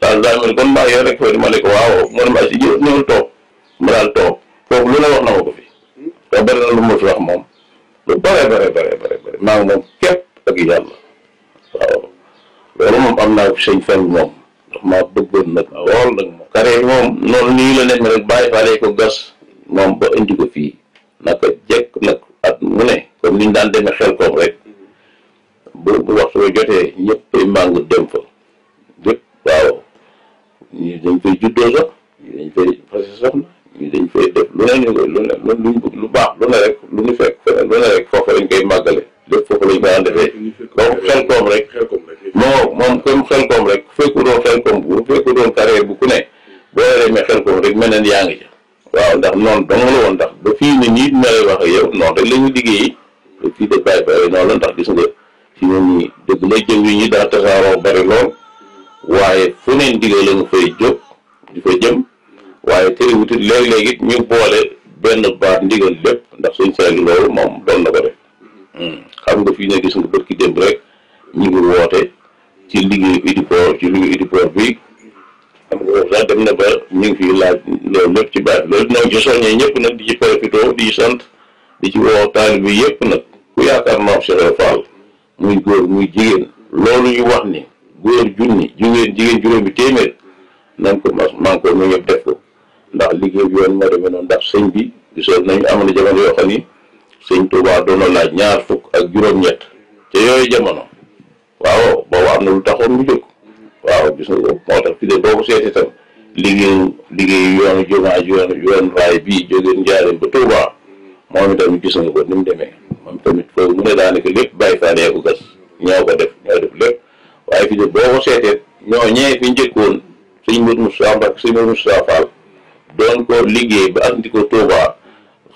daa mel kon mbaa yow rek mu ne ma si ñëw ñëw na ma ma fi wax moom lu bare bare ak yàlla waaw loolu moom am naa sëñ fen moom ndax maa bëggoon nag lool nag moom carré moom noonu nii la nekk rek bàyyi faale ko gas moom ba indi ko fii naka jekk nag at mu ne comme niñ daan demee xel koom rek bu bu waxtu ba jotee ñëppay màngu dem fa lépp waaw ñii dañ fay juddoo sax ñii dañ fay fase soxna ñii dañ fay def lu ne ñu koy lu ne lu luñ lu baax lu ne rek lu ñu fekk feneen lu ne rek foofu lañ koy màggale lépp foofu lañ ko daan defee donc xel koom rek moo moom comme xel koom rek fekku doon xel koom bu fekku doon carrière bu ku ne boo demee xel koom rek meneen yaa ngi ca waaw ndax noonu la woon ndax ba fii ne nii ma lay waxee noonu rek ñu liggéeyi fii de bàyyi bàyyi noonu la ndax gis nga fi ne nii dëgg la jëw yi ñu daa tasaaroo bari lool waaye fu neen digal la nga fay jóg di fa jëm waaye terewut it léeg-léeg ñu boole benn baat ndigal lépp ndax suñ seetlu loolu moom doon na ko def hmm. xam nga fii ne gis nga bët ki démb rek ñu ngi woote ci liggéey UDPO ci liggéey UDPO bi xam nga boobu dem na ba ñu ngi fi loolu ci baat loolu dinañ ci soññee ñëpp di sant di bi yëpp nag ku yaakaar maam góor muy jigéen loolu ñu wax ni góor junni jigéen jigéen juróomi téeméer nañ ko man ko ñu ñëpp def ko ndax liggéey bi yoon moo demee ndax sëñ bi gisoon nañu amoon na jamono yoo xam ni sëñ Tuubaa laaj ñaar fukk ak juróom-ñett te yooyu jamono waaw boobu am na lu taxoon mu jóg waaw gis nga ko moo tax fi de boo ko seetee tam liggéeyu liggéeyu yoonu jumaa yoonu yoonu raay bii jógee Njaaréem ba Touba moom itam gis nga ko ni mu demee moom tamit foofu mu ne daanaka lépp bàyyi faa nee ko gas ñoo ko def ñoo def lépp waaye fi de boo ko seetee ñoo ñee fi njëkkoon sëñ Mourou Moussa Mbacke doon ko liggéey ba andi ko Touba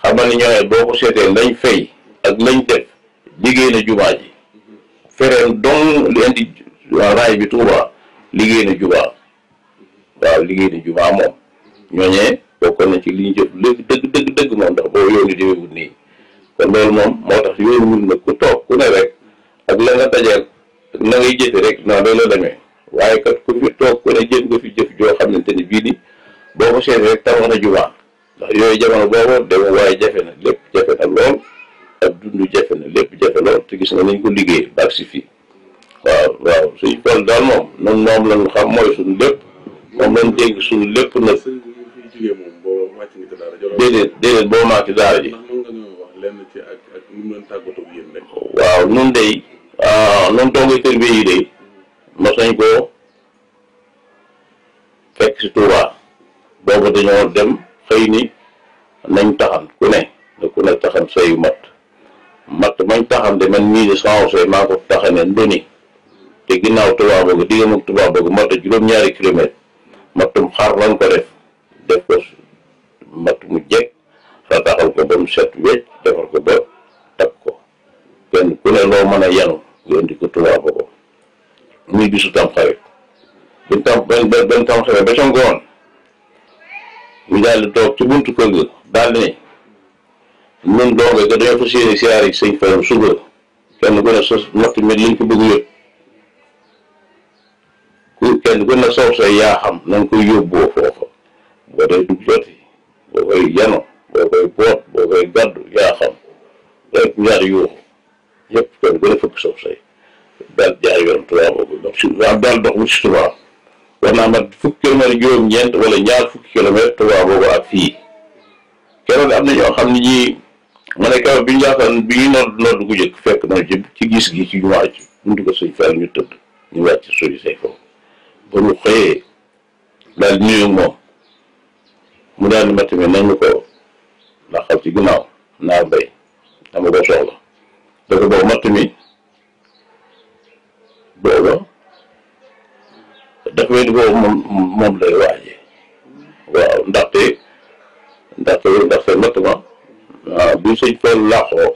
xamal ne ñoo boo ko seetee lañ fay ak lañ def liggéey na jumaa ji fereen dong li andi raay bi Touba liggéey na jumaa waaw liggéey na jumaa moom ñooñee bokkoon na ci li ñu jëf léegi dëgg dëgg dëgg moom ndax boobu yoon yi demeewul nii kon loolu moom moo tax yoon wul na ku toog ku ne rek ak la nga dajeel na ngay jëfe rek naa loolu la demee waaye kat ku fi toog ku ne jëf nga fi jëf joo xamante ni bii ni boo ko seetee rek tabax na jumaa ndax yooyu jamono boobu demee waaye jafe na lépp jafe na lool ak dund jafe na lépp jafe lool te gis nga nañ ko liggéey baax si fii waaw waaw suñ kon daal moom noonu moom lañ xam mooy suñ lépp moom lañ dégg suñ lépp nag déedéet déedéet boo maati daara ji waaw nun day ah, nun donga tërbiye yi day mos nañ koo fekk si Touba boobu dañoo dem xëy ni nañ taxan ku ne da ku ne taxan sayu mat mat mañ taxam de man mii di sanse maa ko taxane ndoni te ginnaaw Touba Bogo diggam ak Touba Bogo mat na juróom-ñaari kilomètre mattum xar lañ ko def def ko matt mu jekk rataxal ko ba mu set wecc defar ko ba takk ko kenn ku ne loo mën a yanu nga indi ko Touba Bogo muy bisu buñ tam benn ba ca ngoon ñu daal di ci buntu kër ga daal di ne ñun doom ga dañoo fas yéene siyaar yi sëñ Fallu suba kenn ku ne sos matt mi liñ ko bëgg yëpp kenn ku ne soog sooy yaa xam na nga koy yóbboo foofa boo koy dug joti boo koy yano boo koy boot boo koy gaddu yaa xam rek ñaar yuuxu naa mat fukki kilomètre juróom-ñeent wala ñaar fukki kilomètre tubaab boobu ak fii keroog am na ñoo xam ne ñii ma ne keroog bi ñu jaaxoon bi ñu nodd nodd gu jëkk fekk na ci gis gi ci jumaa ci buntu ko suñ fàll ñu tëdd ñu wàcc suñu say foofu ba mu xëyee daal nuyu moom mu daal di ma tamit nangu ko ndax ci ginnaaw naa bay dama ko soxla dafa boobu matt mi booba dafa wet boobu moom moom lay waaje waaw ndaxte ndaxte ndaxte matt ma waaw bi sëñ Fall làqoo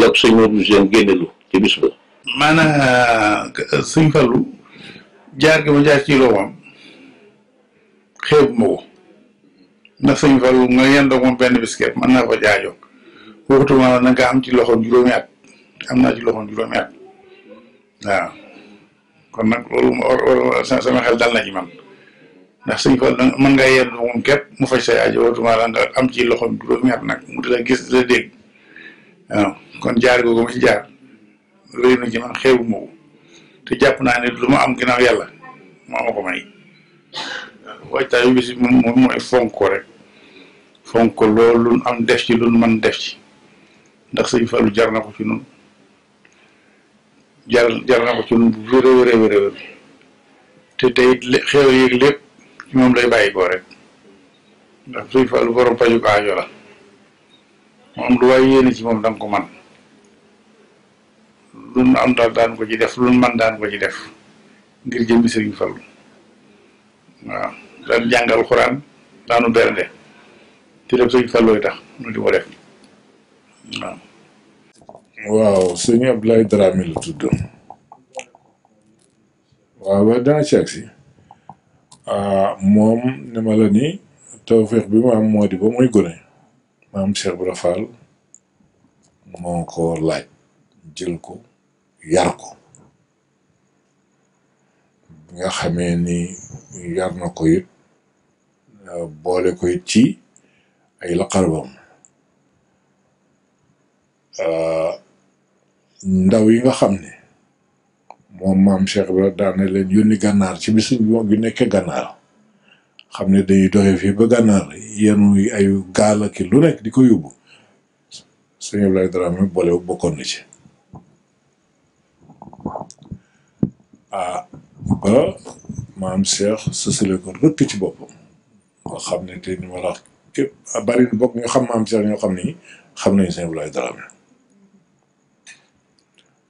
lépp sëñ Modou Dieng génnelu ci bis ba jaar gi ma jaar ci loomam xeeb ma ko ndax sëñ Fallu nga yendoog moom benn bisket mën naa ko jaajoo waxutuma nga am ci loxoom juróomi am naa ci loxoom juróomi waaw kon nag loolu war sama xel dal na ci man ndax mën nga yendu moom mu faj sa aajo am ci loxoom juróomi at nag mu di la gis di la waaw kon jaar googu ma ci jaar réy na ci man xeebu te jàpp naa ne lu ma am ginnaaw yàlla moo ma ko may waajtaayu bis bi moom mooy fonk ko rek fonk ko loolu lu am def ci lu man def ci ndax sëñ Fallou jar na ko ci nun jar jar na ko ci nun bu wéré wéré wéré te tey xew yéeg lépp ci moom lay bàyyi ko rek ndax sëñ Fallou borom paju ko aajo la moom lu waay yéene ci moom dang ko man lu nu am dal daan ko ci def lu man daan ko ci def ngir jëmbi sëriñ fallu waaw daan jàng alxuraan daanu bernde ci def sëriñ fallooy tax nu di ko def waaw waaw sëñ Abdoulaye Dramé la tudd waaw waaye dana ci agsi ah, moom ne ma la ni tawfiq bi mu am moo di ba muy gone maam Cheikh Ibra Fall moo ko laaj jël ko yar ko nga xamee ni yar na ko it euh, boole ko it ci ay laqarbam euh, ndaw yi nga xam ne moom maam Cheikh Ibra daana leen yónni gànnaar ci bisu bi nekke gànnaar xam ne dañuy doxee fii ba gànnaar yenu ay gaal lu nekk di ko yóbbu sëñ Abdoulaye Dramé boole bokkoon na ci ah ba maam Cheikh sësale ko rëkk ci boppam nga xam ne tey ñu wala képp ah, bari na bokk ñu xam am Cheikh ñoo xam ni xam nañu sëñ Abdoulaye Dramé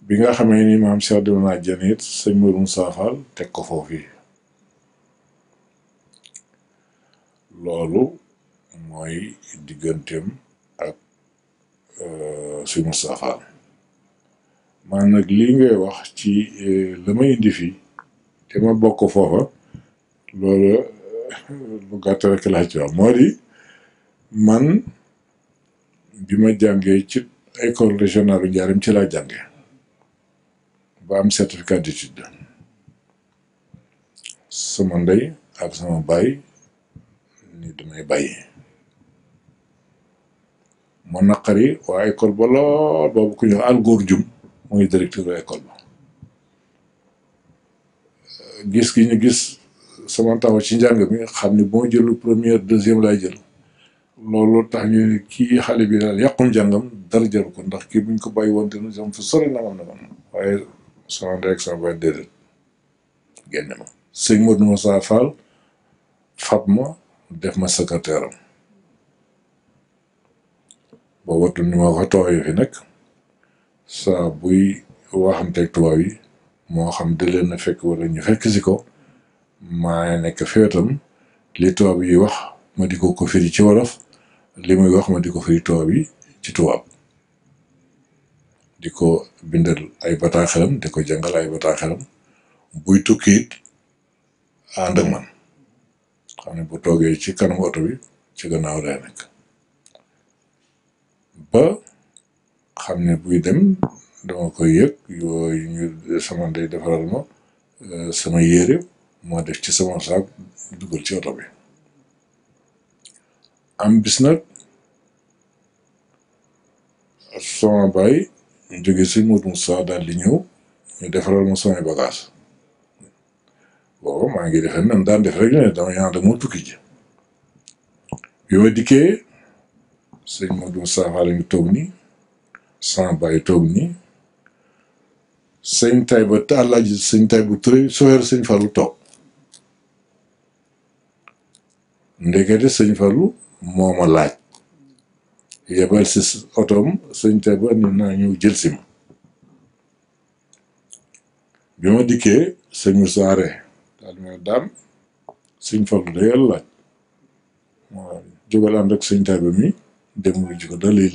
bi nga xamee ni maam Cheikh dem naa it sëñ Mourou mu Fall teg ko foofu loolu mooy digganteem ak euh, suñu Moussa man nag lii ngay wax ci euh, la ma indi fi te ma bokk foofa loolu lu gàtt rek laa ci wax moo di man bi ma jàngee ci école régionale bu Njaareem ci laa jànge ba am certificat d'étude sama ndey ak sama baay ni damay bàyyi mu naqari waa école ba lool boobu mooy directeur école ba gis gi ñu gis sama taw ci njàng mi xam ni boo jëlu première deuxième laay jël loolu tax ñu ne kii xale bi daal yàqu njàngam dara jaru ko ndax ki buñ ko bàyyi woon dina jëm fa sori nangam nangam waaye soo ndey ak sama baay déedéet génne ma sëñ Modou fab ma def ma secrétaire am booba ma ko tooyee fi nag. saa buy waxanteeg tubaab yi moo xam da leen a fekk wala ñu fekk si ko maa nekk fi wetam li tubaab yi wax ma di ko ko firi ci wolof li muy wax ma di ko firi tubaab yi ci tubaab di ko bindal ay bataaxalam di ko jàngal ay bataaxalam buy tukki it ànd man xam ne bu toogee ci kanam oto bi ci gannaaw day ba. xam ne buy dem dama koy yëg yooyu ñu sama ndey defaral ma euh, sama yére moo def ci sama saak dugal ci oto bi am bis sama baay ñu jóge si Modou Moussa daal di ñëw ñu defaral ma samay bagage booba maa ngi defe nan daan def rek ne dama ñaan dama tukki ji bi ma dikkee sëñ Modou Moussa maa ngi toog nii sama bàyyi toog nii sëñ Tayba Alaaji sëñ Tayba Touré soweer sëñ Fallou toog ndekete sëñ Fallou moo ma laaj yebal si otoom sëñ Tayba ni naa ñëw jël ma bi ma dikkee sëñ Moussa Re daal ma daam sëñ Fallou da yàlla laaj jógal ànd ak sëñ Tayba mi dem wu ji ko da lay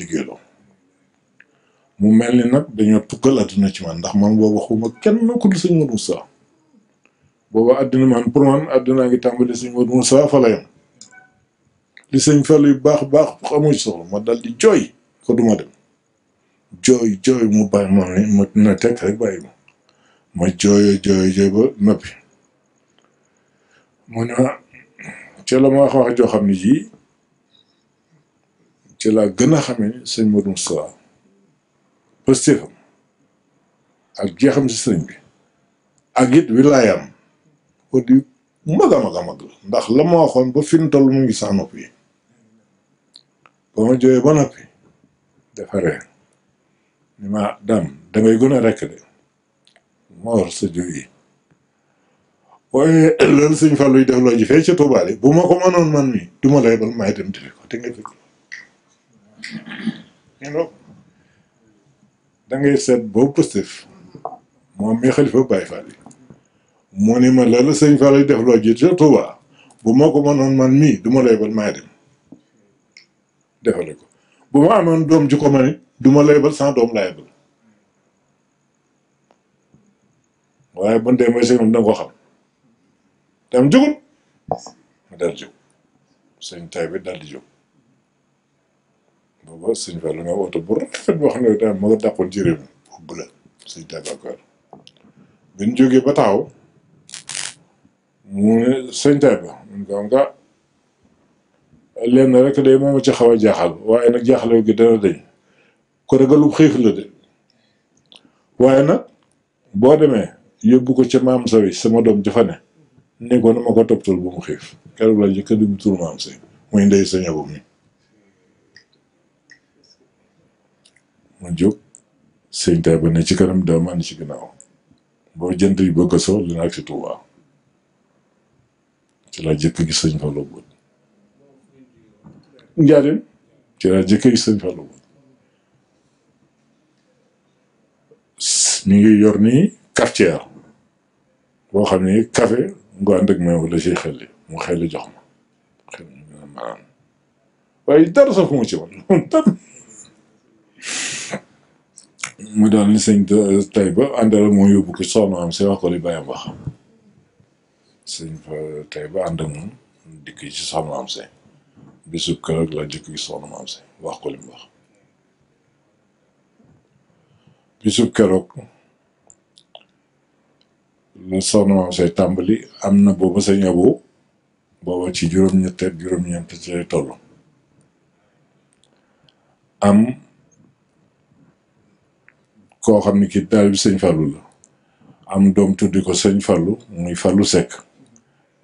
mu mel ni nag dañoo tuggal àdduna ci man ndax man boobu waxuma kenn ku dul sëñ Modou Moussa booba àddina man pour man àddinaa ngi tàmbali sëñ Modou Moussa fa la li sëñ Fall yu baax baax xamu ci soxla ma dal di jooy ko duma dem jooy jooy mu bàyyi ma ma na jooy jooy ba noppi mu ne ma ci la ma wax wax joo xam ne jii ci laa gën a xamee sëñ Modou Moussa pëstéefam ak jeexam si sëriñ bi ak it wilaayam ut yu mag a mag a mag la ndax la ma waxoon ba fi mu mu ngi saa nopp yi ba ma jooyee ba noppi dafa ma dam dangay gën a rekk de moo war sa jiw yi waaye <coughs> loolu sëñ Fallou yi def loo ji fee ca Touba bu ma ko mënoon man mi du ma lay maay dem defi ko te nga fekk dangay set bo positif mo mi khalifa Baye fali mo ni ma la la sëñ Fall def lo jitt je Touba bu ma ko man mi duma ma lebal may dem defaliko bu ma amon dom ju ko ma duma du ma lebal sans dom lay yebal waaye bu ndee mooy seigne dang ko xam dam jugul dal jug seigne tay bi dal jug booba suñu fa lu nga oto bu rafet boo xam ne daal moo dàqoon ci réew mi bu la ba taxaw mu ne sëñ Taïba mun ko nga lenn rek day moom ci xaw a jaaxal waaye nag jaaxle gi dana dañ ko ragalu xiif la de waaye nag boo demee yóbbu ko ca maam sawi sama doom jafa ne nekkoon na ma ko toppatoo bu mu xiif keroog la jëkk a dugg tur maam sawi muy ndey sañabo mi ma jóg sëñ Taïba ne ci kanam daa ma ne ci ginnaaw boo jënd yi bëgg a sow dina ak si Tuuba ci laa jëkk gis sëñ Fallou Mbodj njaareem ci laa jëkk gis sëñ Fallou Mbodj mi ngi yor nii quartier boo xam ni café nga ànd ak meew la siy xel mu xel jox ma xel waaye dara sax fu mu ci woon mu daal ni sëñ euh, tay ba àndal moo yóbbu ki soxna am si wax ko li bàyyam wax sëñ fa euh, tay ba ànd moom dikk ci soxna am si bisub keroog la soxna mu am say tàmbali am na booba sëñ abo booba ci juróom-ñetteet juróom-ñeent ci lay toll am koo xam ne kii taalibe sëñ Fallou la am doom tuddi ko sëñ Fallou muy Fallou Seck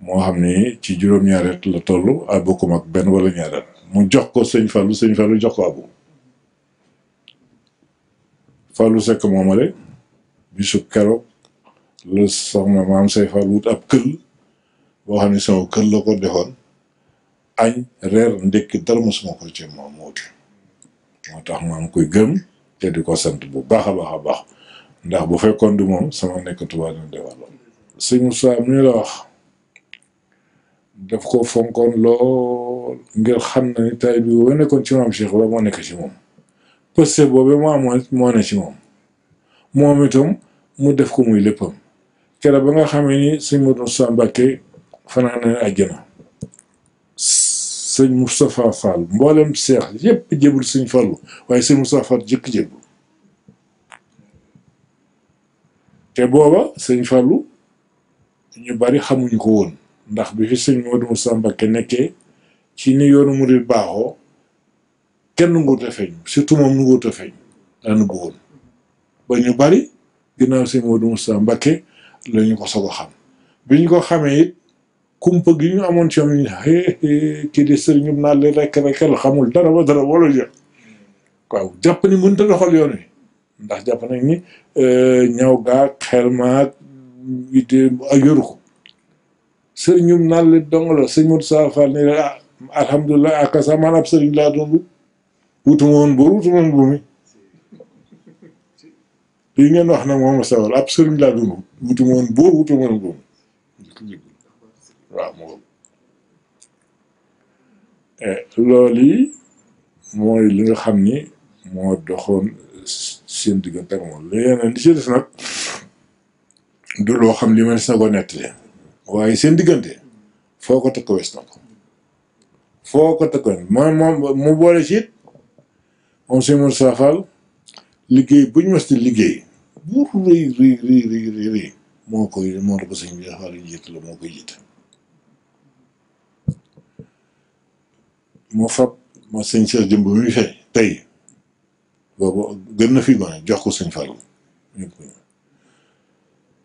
moo xam ni ci juróom-ñaaret la toll abooku mag benn wala ñaaret mu jox ko sëñ Fallou sëñ Fallou jox ko aboo Fallou Seck moomale bisu keroog la soxna maam say Fallou wut ab këll boo xam ne sama këll la ko defoon añ reer ndekki dara mosuma ko ci moom moo tax maam koy gëm te di ko sant bu baax a baax a baax ndax bu fekkoon du moom sama nekk Tuubaa dina defaloon sëñ Moussa mi la wax def ko fonkoon lool ngir xam na ni tay bi boo nekkoon ci maam Cheikh la moo nekk ci moom pëste boobu moo amoon moo ne ci moom moom itam mu def ko muy léppam keroog ba nga xamee ni sëñ Modou Moussa Mbacké fanaan na àjjana sëñ Moustapha Fall mboolem seex yépp jébul sëñ Fallu waaye sëñ Moustapha Fall jëkk jébul te booba sëñ Fallu ñu bari xamuñu ko woon ndax bi fi sëñ Modou Moussa Mbacké nekkee ci ni yoonu murid baaxoo kenn nguut a surtout moom nu nguut a daanu ko woon ba ñu bari ginnaaw sëñ Modou Moussa Mbacké la ñu ko soog a xam bi ko xamee it kumpa gi ñu amoon ci am ñu kii de sëriñ bi naan leen xamul dara ba dara wala jë waaw jàpp ni mënut a doxal yoon ndax jàpp nañ ni euh, ñaw gaag xel maag idée euh, ak yoru ko sëriñ bi naan leen dong la sëñ Modou Sa akasa man ab sëriñ laa doon wutuma woon buur wutuma woon buumi lii ngeen wax na moom a sawal ab sëriñ laa doon wutuma woon buur wutuma woon buumi waaw mu eh, loolu yi mooy li nga xam ni moo doxoon seen diggante ak moom leneen li ci des nag du loo xam li man sa ko nettali waaye seen diggante foo ko takk wees na ko foo ko takk man moom mu boole ci it moom si Moussa Fall liggéey bu ñu mës di liggéey bu rëy rëy rëy rëy rëy moo koy moo ko sëñ bi Fall jiite la moo koy jiite moo fab moo sëñ Cheikh jëmb bi muy tey boobu gën na fi gone jox ko sëñ Fallou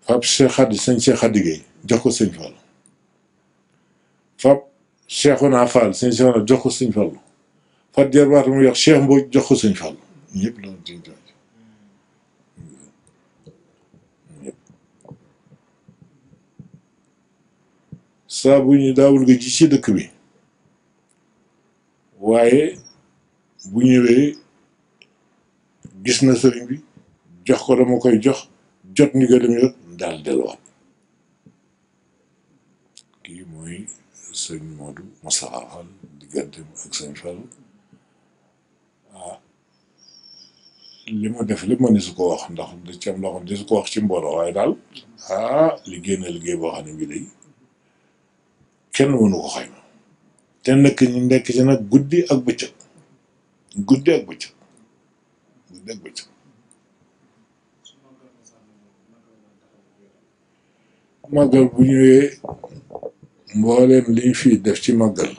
fab Cheikh Khady sëñ Cheikh Khady Gueye jox ko sëñ Fallou fab Cheikhouna Fall sëñ Cheikhouna jox ko sëñ Fallou fab jarbaatu mu yox Cheikh Mbodj jox ko sëñ Fallou ñëpp ñu daawul nga ji ci dëkk bi. waaye bu ñëwee gis na sëriñ bi jox ko dama koy jox jot ndigalam yot daal delluwaat kii mooy sëñ Modou Moussa Fall digganteem ak sëñ Fall ah, li ma def lépp ma ne su ko wax ndax da ci am loo xam su ko wax ci mbooloo waaye daal ah liggéey na liggéey boo xam ne bii day kenn mënu ko xayma. te nekk ñu nekk ci nag guddi ak bëccëg guddi ak bëccëg guddi ak bëccëg màggal bu ñëwee mbooleem liñ fi def ci màggal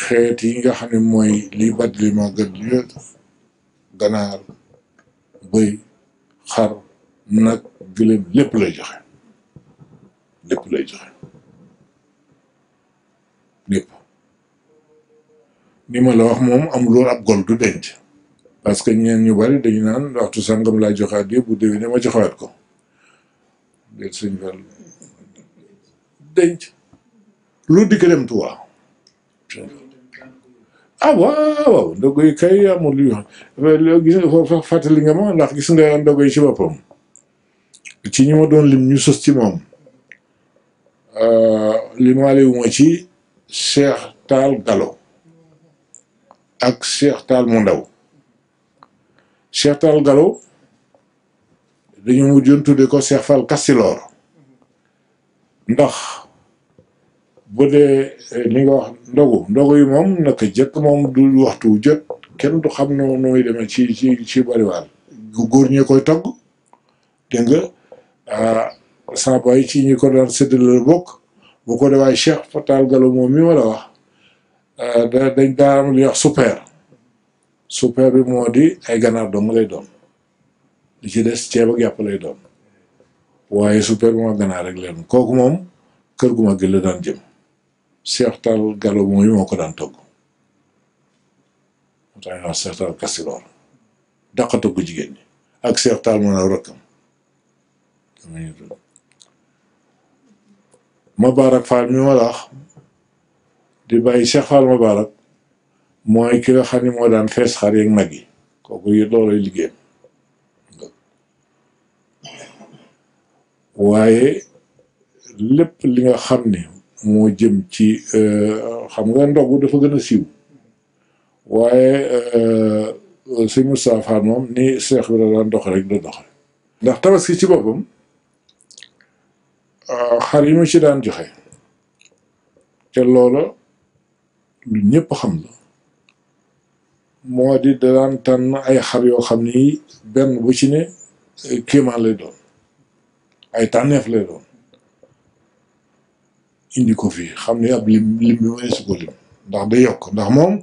xeet yi nga xam ne mooy liy battali màggal yëpp ganaar bëy xar nag gëléem lépp lay joxe lépp lay joxe lépp li ma la wax moom amuloon ab gol du denc parce que ñeen ñu bari dañu naan waxtu sàngam laa joxaat yëpp bu déwénee ma joxaat ko déet suñ fal denc lu dikk dem tuwaa ah waaw waaw ndogoy kay amul lu yoo gis nga fàttali nga ma ndax gis nga ndogoy ci boppam ma doon lim ñu sos ci moom ah, limaale wu ma ci Cheikh Tall ak Cheikh mu ndaw Cheikh Tall Gallo dañu mujjoon tudde ko Cheikh Fall Kastiloor ndax bu dee eh, li nga wax ndogu ndogu yi moom naka jëkk moom du waxtu wu kenn du xam no nu muy demee ci ci ci bariwaal góor ñee koy togg dégg nga ah ci ñi ko daan séddale la bokk boo ko defaay Cheikh Fatal Gallo moom mi ma la wax euh, da dañ daaram li wax super bi moo di ay ganaar doom lay doon li ci des ceeb ak yàpp lay doon waaye super bi moo ganaar rek leen kooku moom kër gu mag gi la daan jëm Cheikh Fatal Gallo moom mi moo ko daan togg moo tax ñu wax Cheikh Fatal Kastiloor dàqa togg jigéen ñi ak Cheikh Fatal moo na rakkam Mabarak Fall mi ma la wax di bàyyi Cheikh Fall Mabarak mooy ki nga xam ne moo daan fees xar yeeg nag yi kooku yi loolay liggéeyam waaye lépp li nga xam ne moo jëm ci euh, xam nga ndogu dafa gën a siiw waaye euh, sëñ Moustapha Fall moom ni Cheikh bi la daan dox rek da dox ndax tabaski ci boppam Euh, xar yi mu ci daan joxe te loola lu ñëpp xam la moo di da daan tànn ay xar yoo xam ni benn bu ci ne kéemaan lay doon ay tànneef lay doon indi ko fii xam ni ab lim lim bi mënees ko lim ndax day yokk ndax moom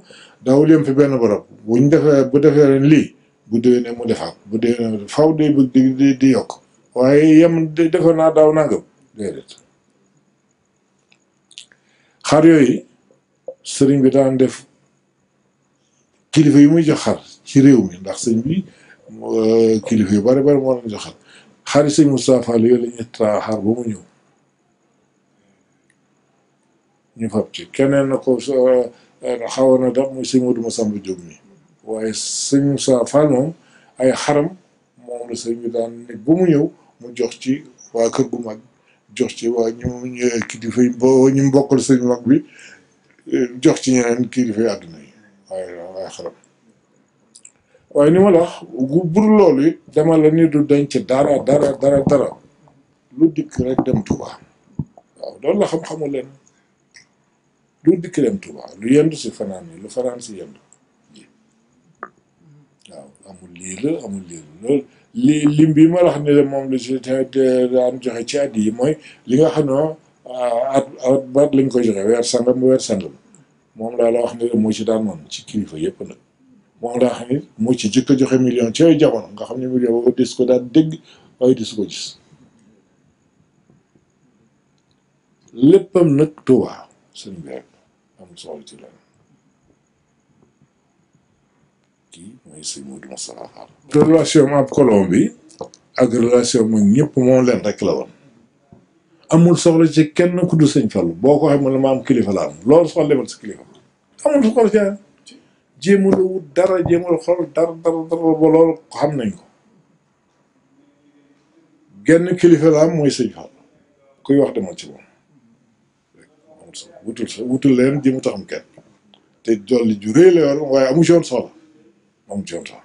daaw lim fi benn barab bu ñu defee bu defee ren lii bu déwénee mu defaat bu déwénee faw day bëgg di di yokk waaye yem defoon naa daaw nangam déedéet xar yooyu sëriñ bi daan def kilifa yi muy jox xar ci réew mi ndax sëñ bi euh, kilifa yu bari bari moo leen jox xar xari sëñ Moustapha Fall yooyu la taa xar ba mu ñëw ñu fab ci keneen na ko euh, xawoon na dam muy sëñ Modou Massamba Diop mi waaye sëñ Moustapha Fall moom ay xaram moom la sëñ bi daan ne ba mu ñëw mu jox ci waa kër gu mag jox ci waa ñu eh, kilifa ñu bokkal sëñ mag bi eh, jox ci ñeneen kilifa yi yi waaye waaye xaram waaye ni ma la wax bur loolu it dama la ni du denc dara dara dara dara lu dikk rek dem Touba waaw loolu la xam-xamu lu dikk dem Touba lu yendu si fanaan yi lu fanaan si yendu waaw amul lii amul lii li lim bi ma la xam ne moom la si daan joxe ci at yi mooy li nga xam ne ah, at at baat lañ koy joxe weer sangam weer sangam moom laa la wax ne moo ci daan moom ci kilifa yëpp nag moom laa xam ne moo ci jëkk a joxe million ci ay jamono nga xam ne million boobu des ko daan dégg waaye des ko gis léppam nag Tuubaa suñu weer am soxla ci loolu kii mooy sëñ Modou Moustapha Fall relation am ak colon bi ak relation moom ñëpp moom leen rek la woon amul soxla ci kenn ku du sëñ Fallu boo ko xam ne ma am kilifa la am loolu soxla demal si kilifa amul soxla ci jéemul a wut dara jéemul a xool dara dara dara ba loolu xam nañ ko genn kilifa la am mooy sëñ Fallu kuy wax demal ci moom wutul wutul leen jéem a taxam kenn te dolli ju rëy la yor waaye amu ci woon soxla Long John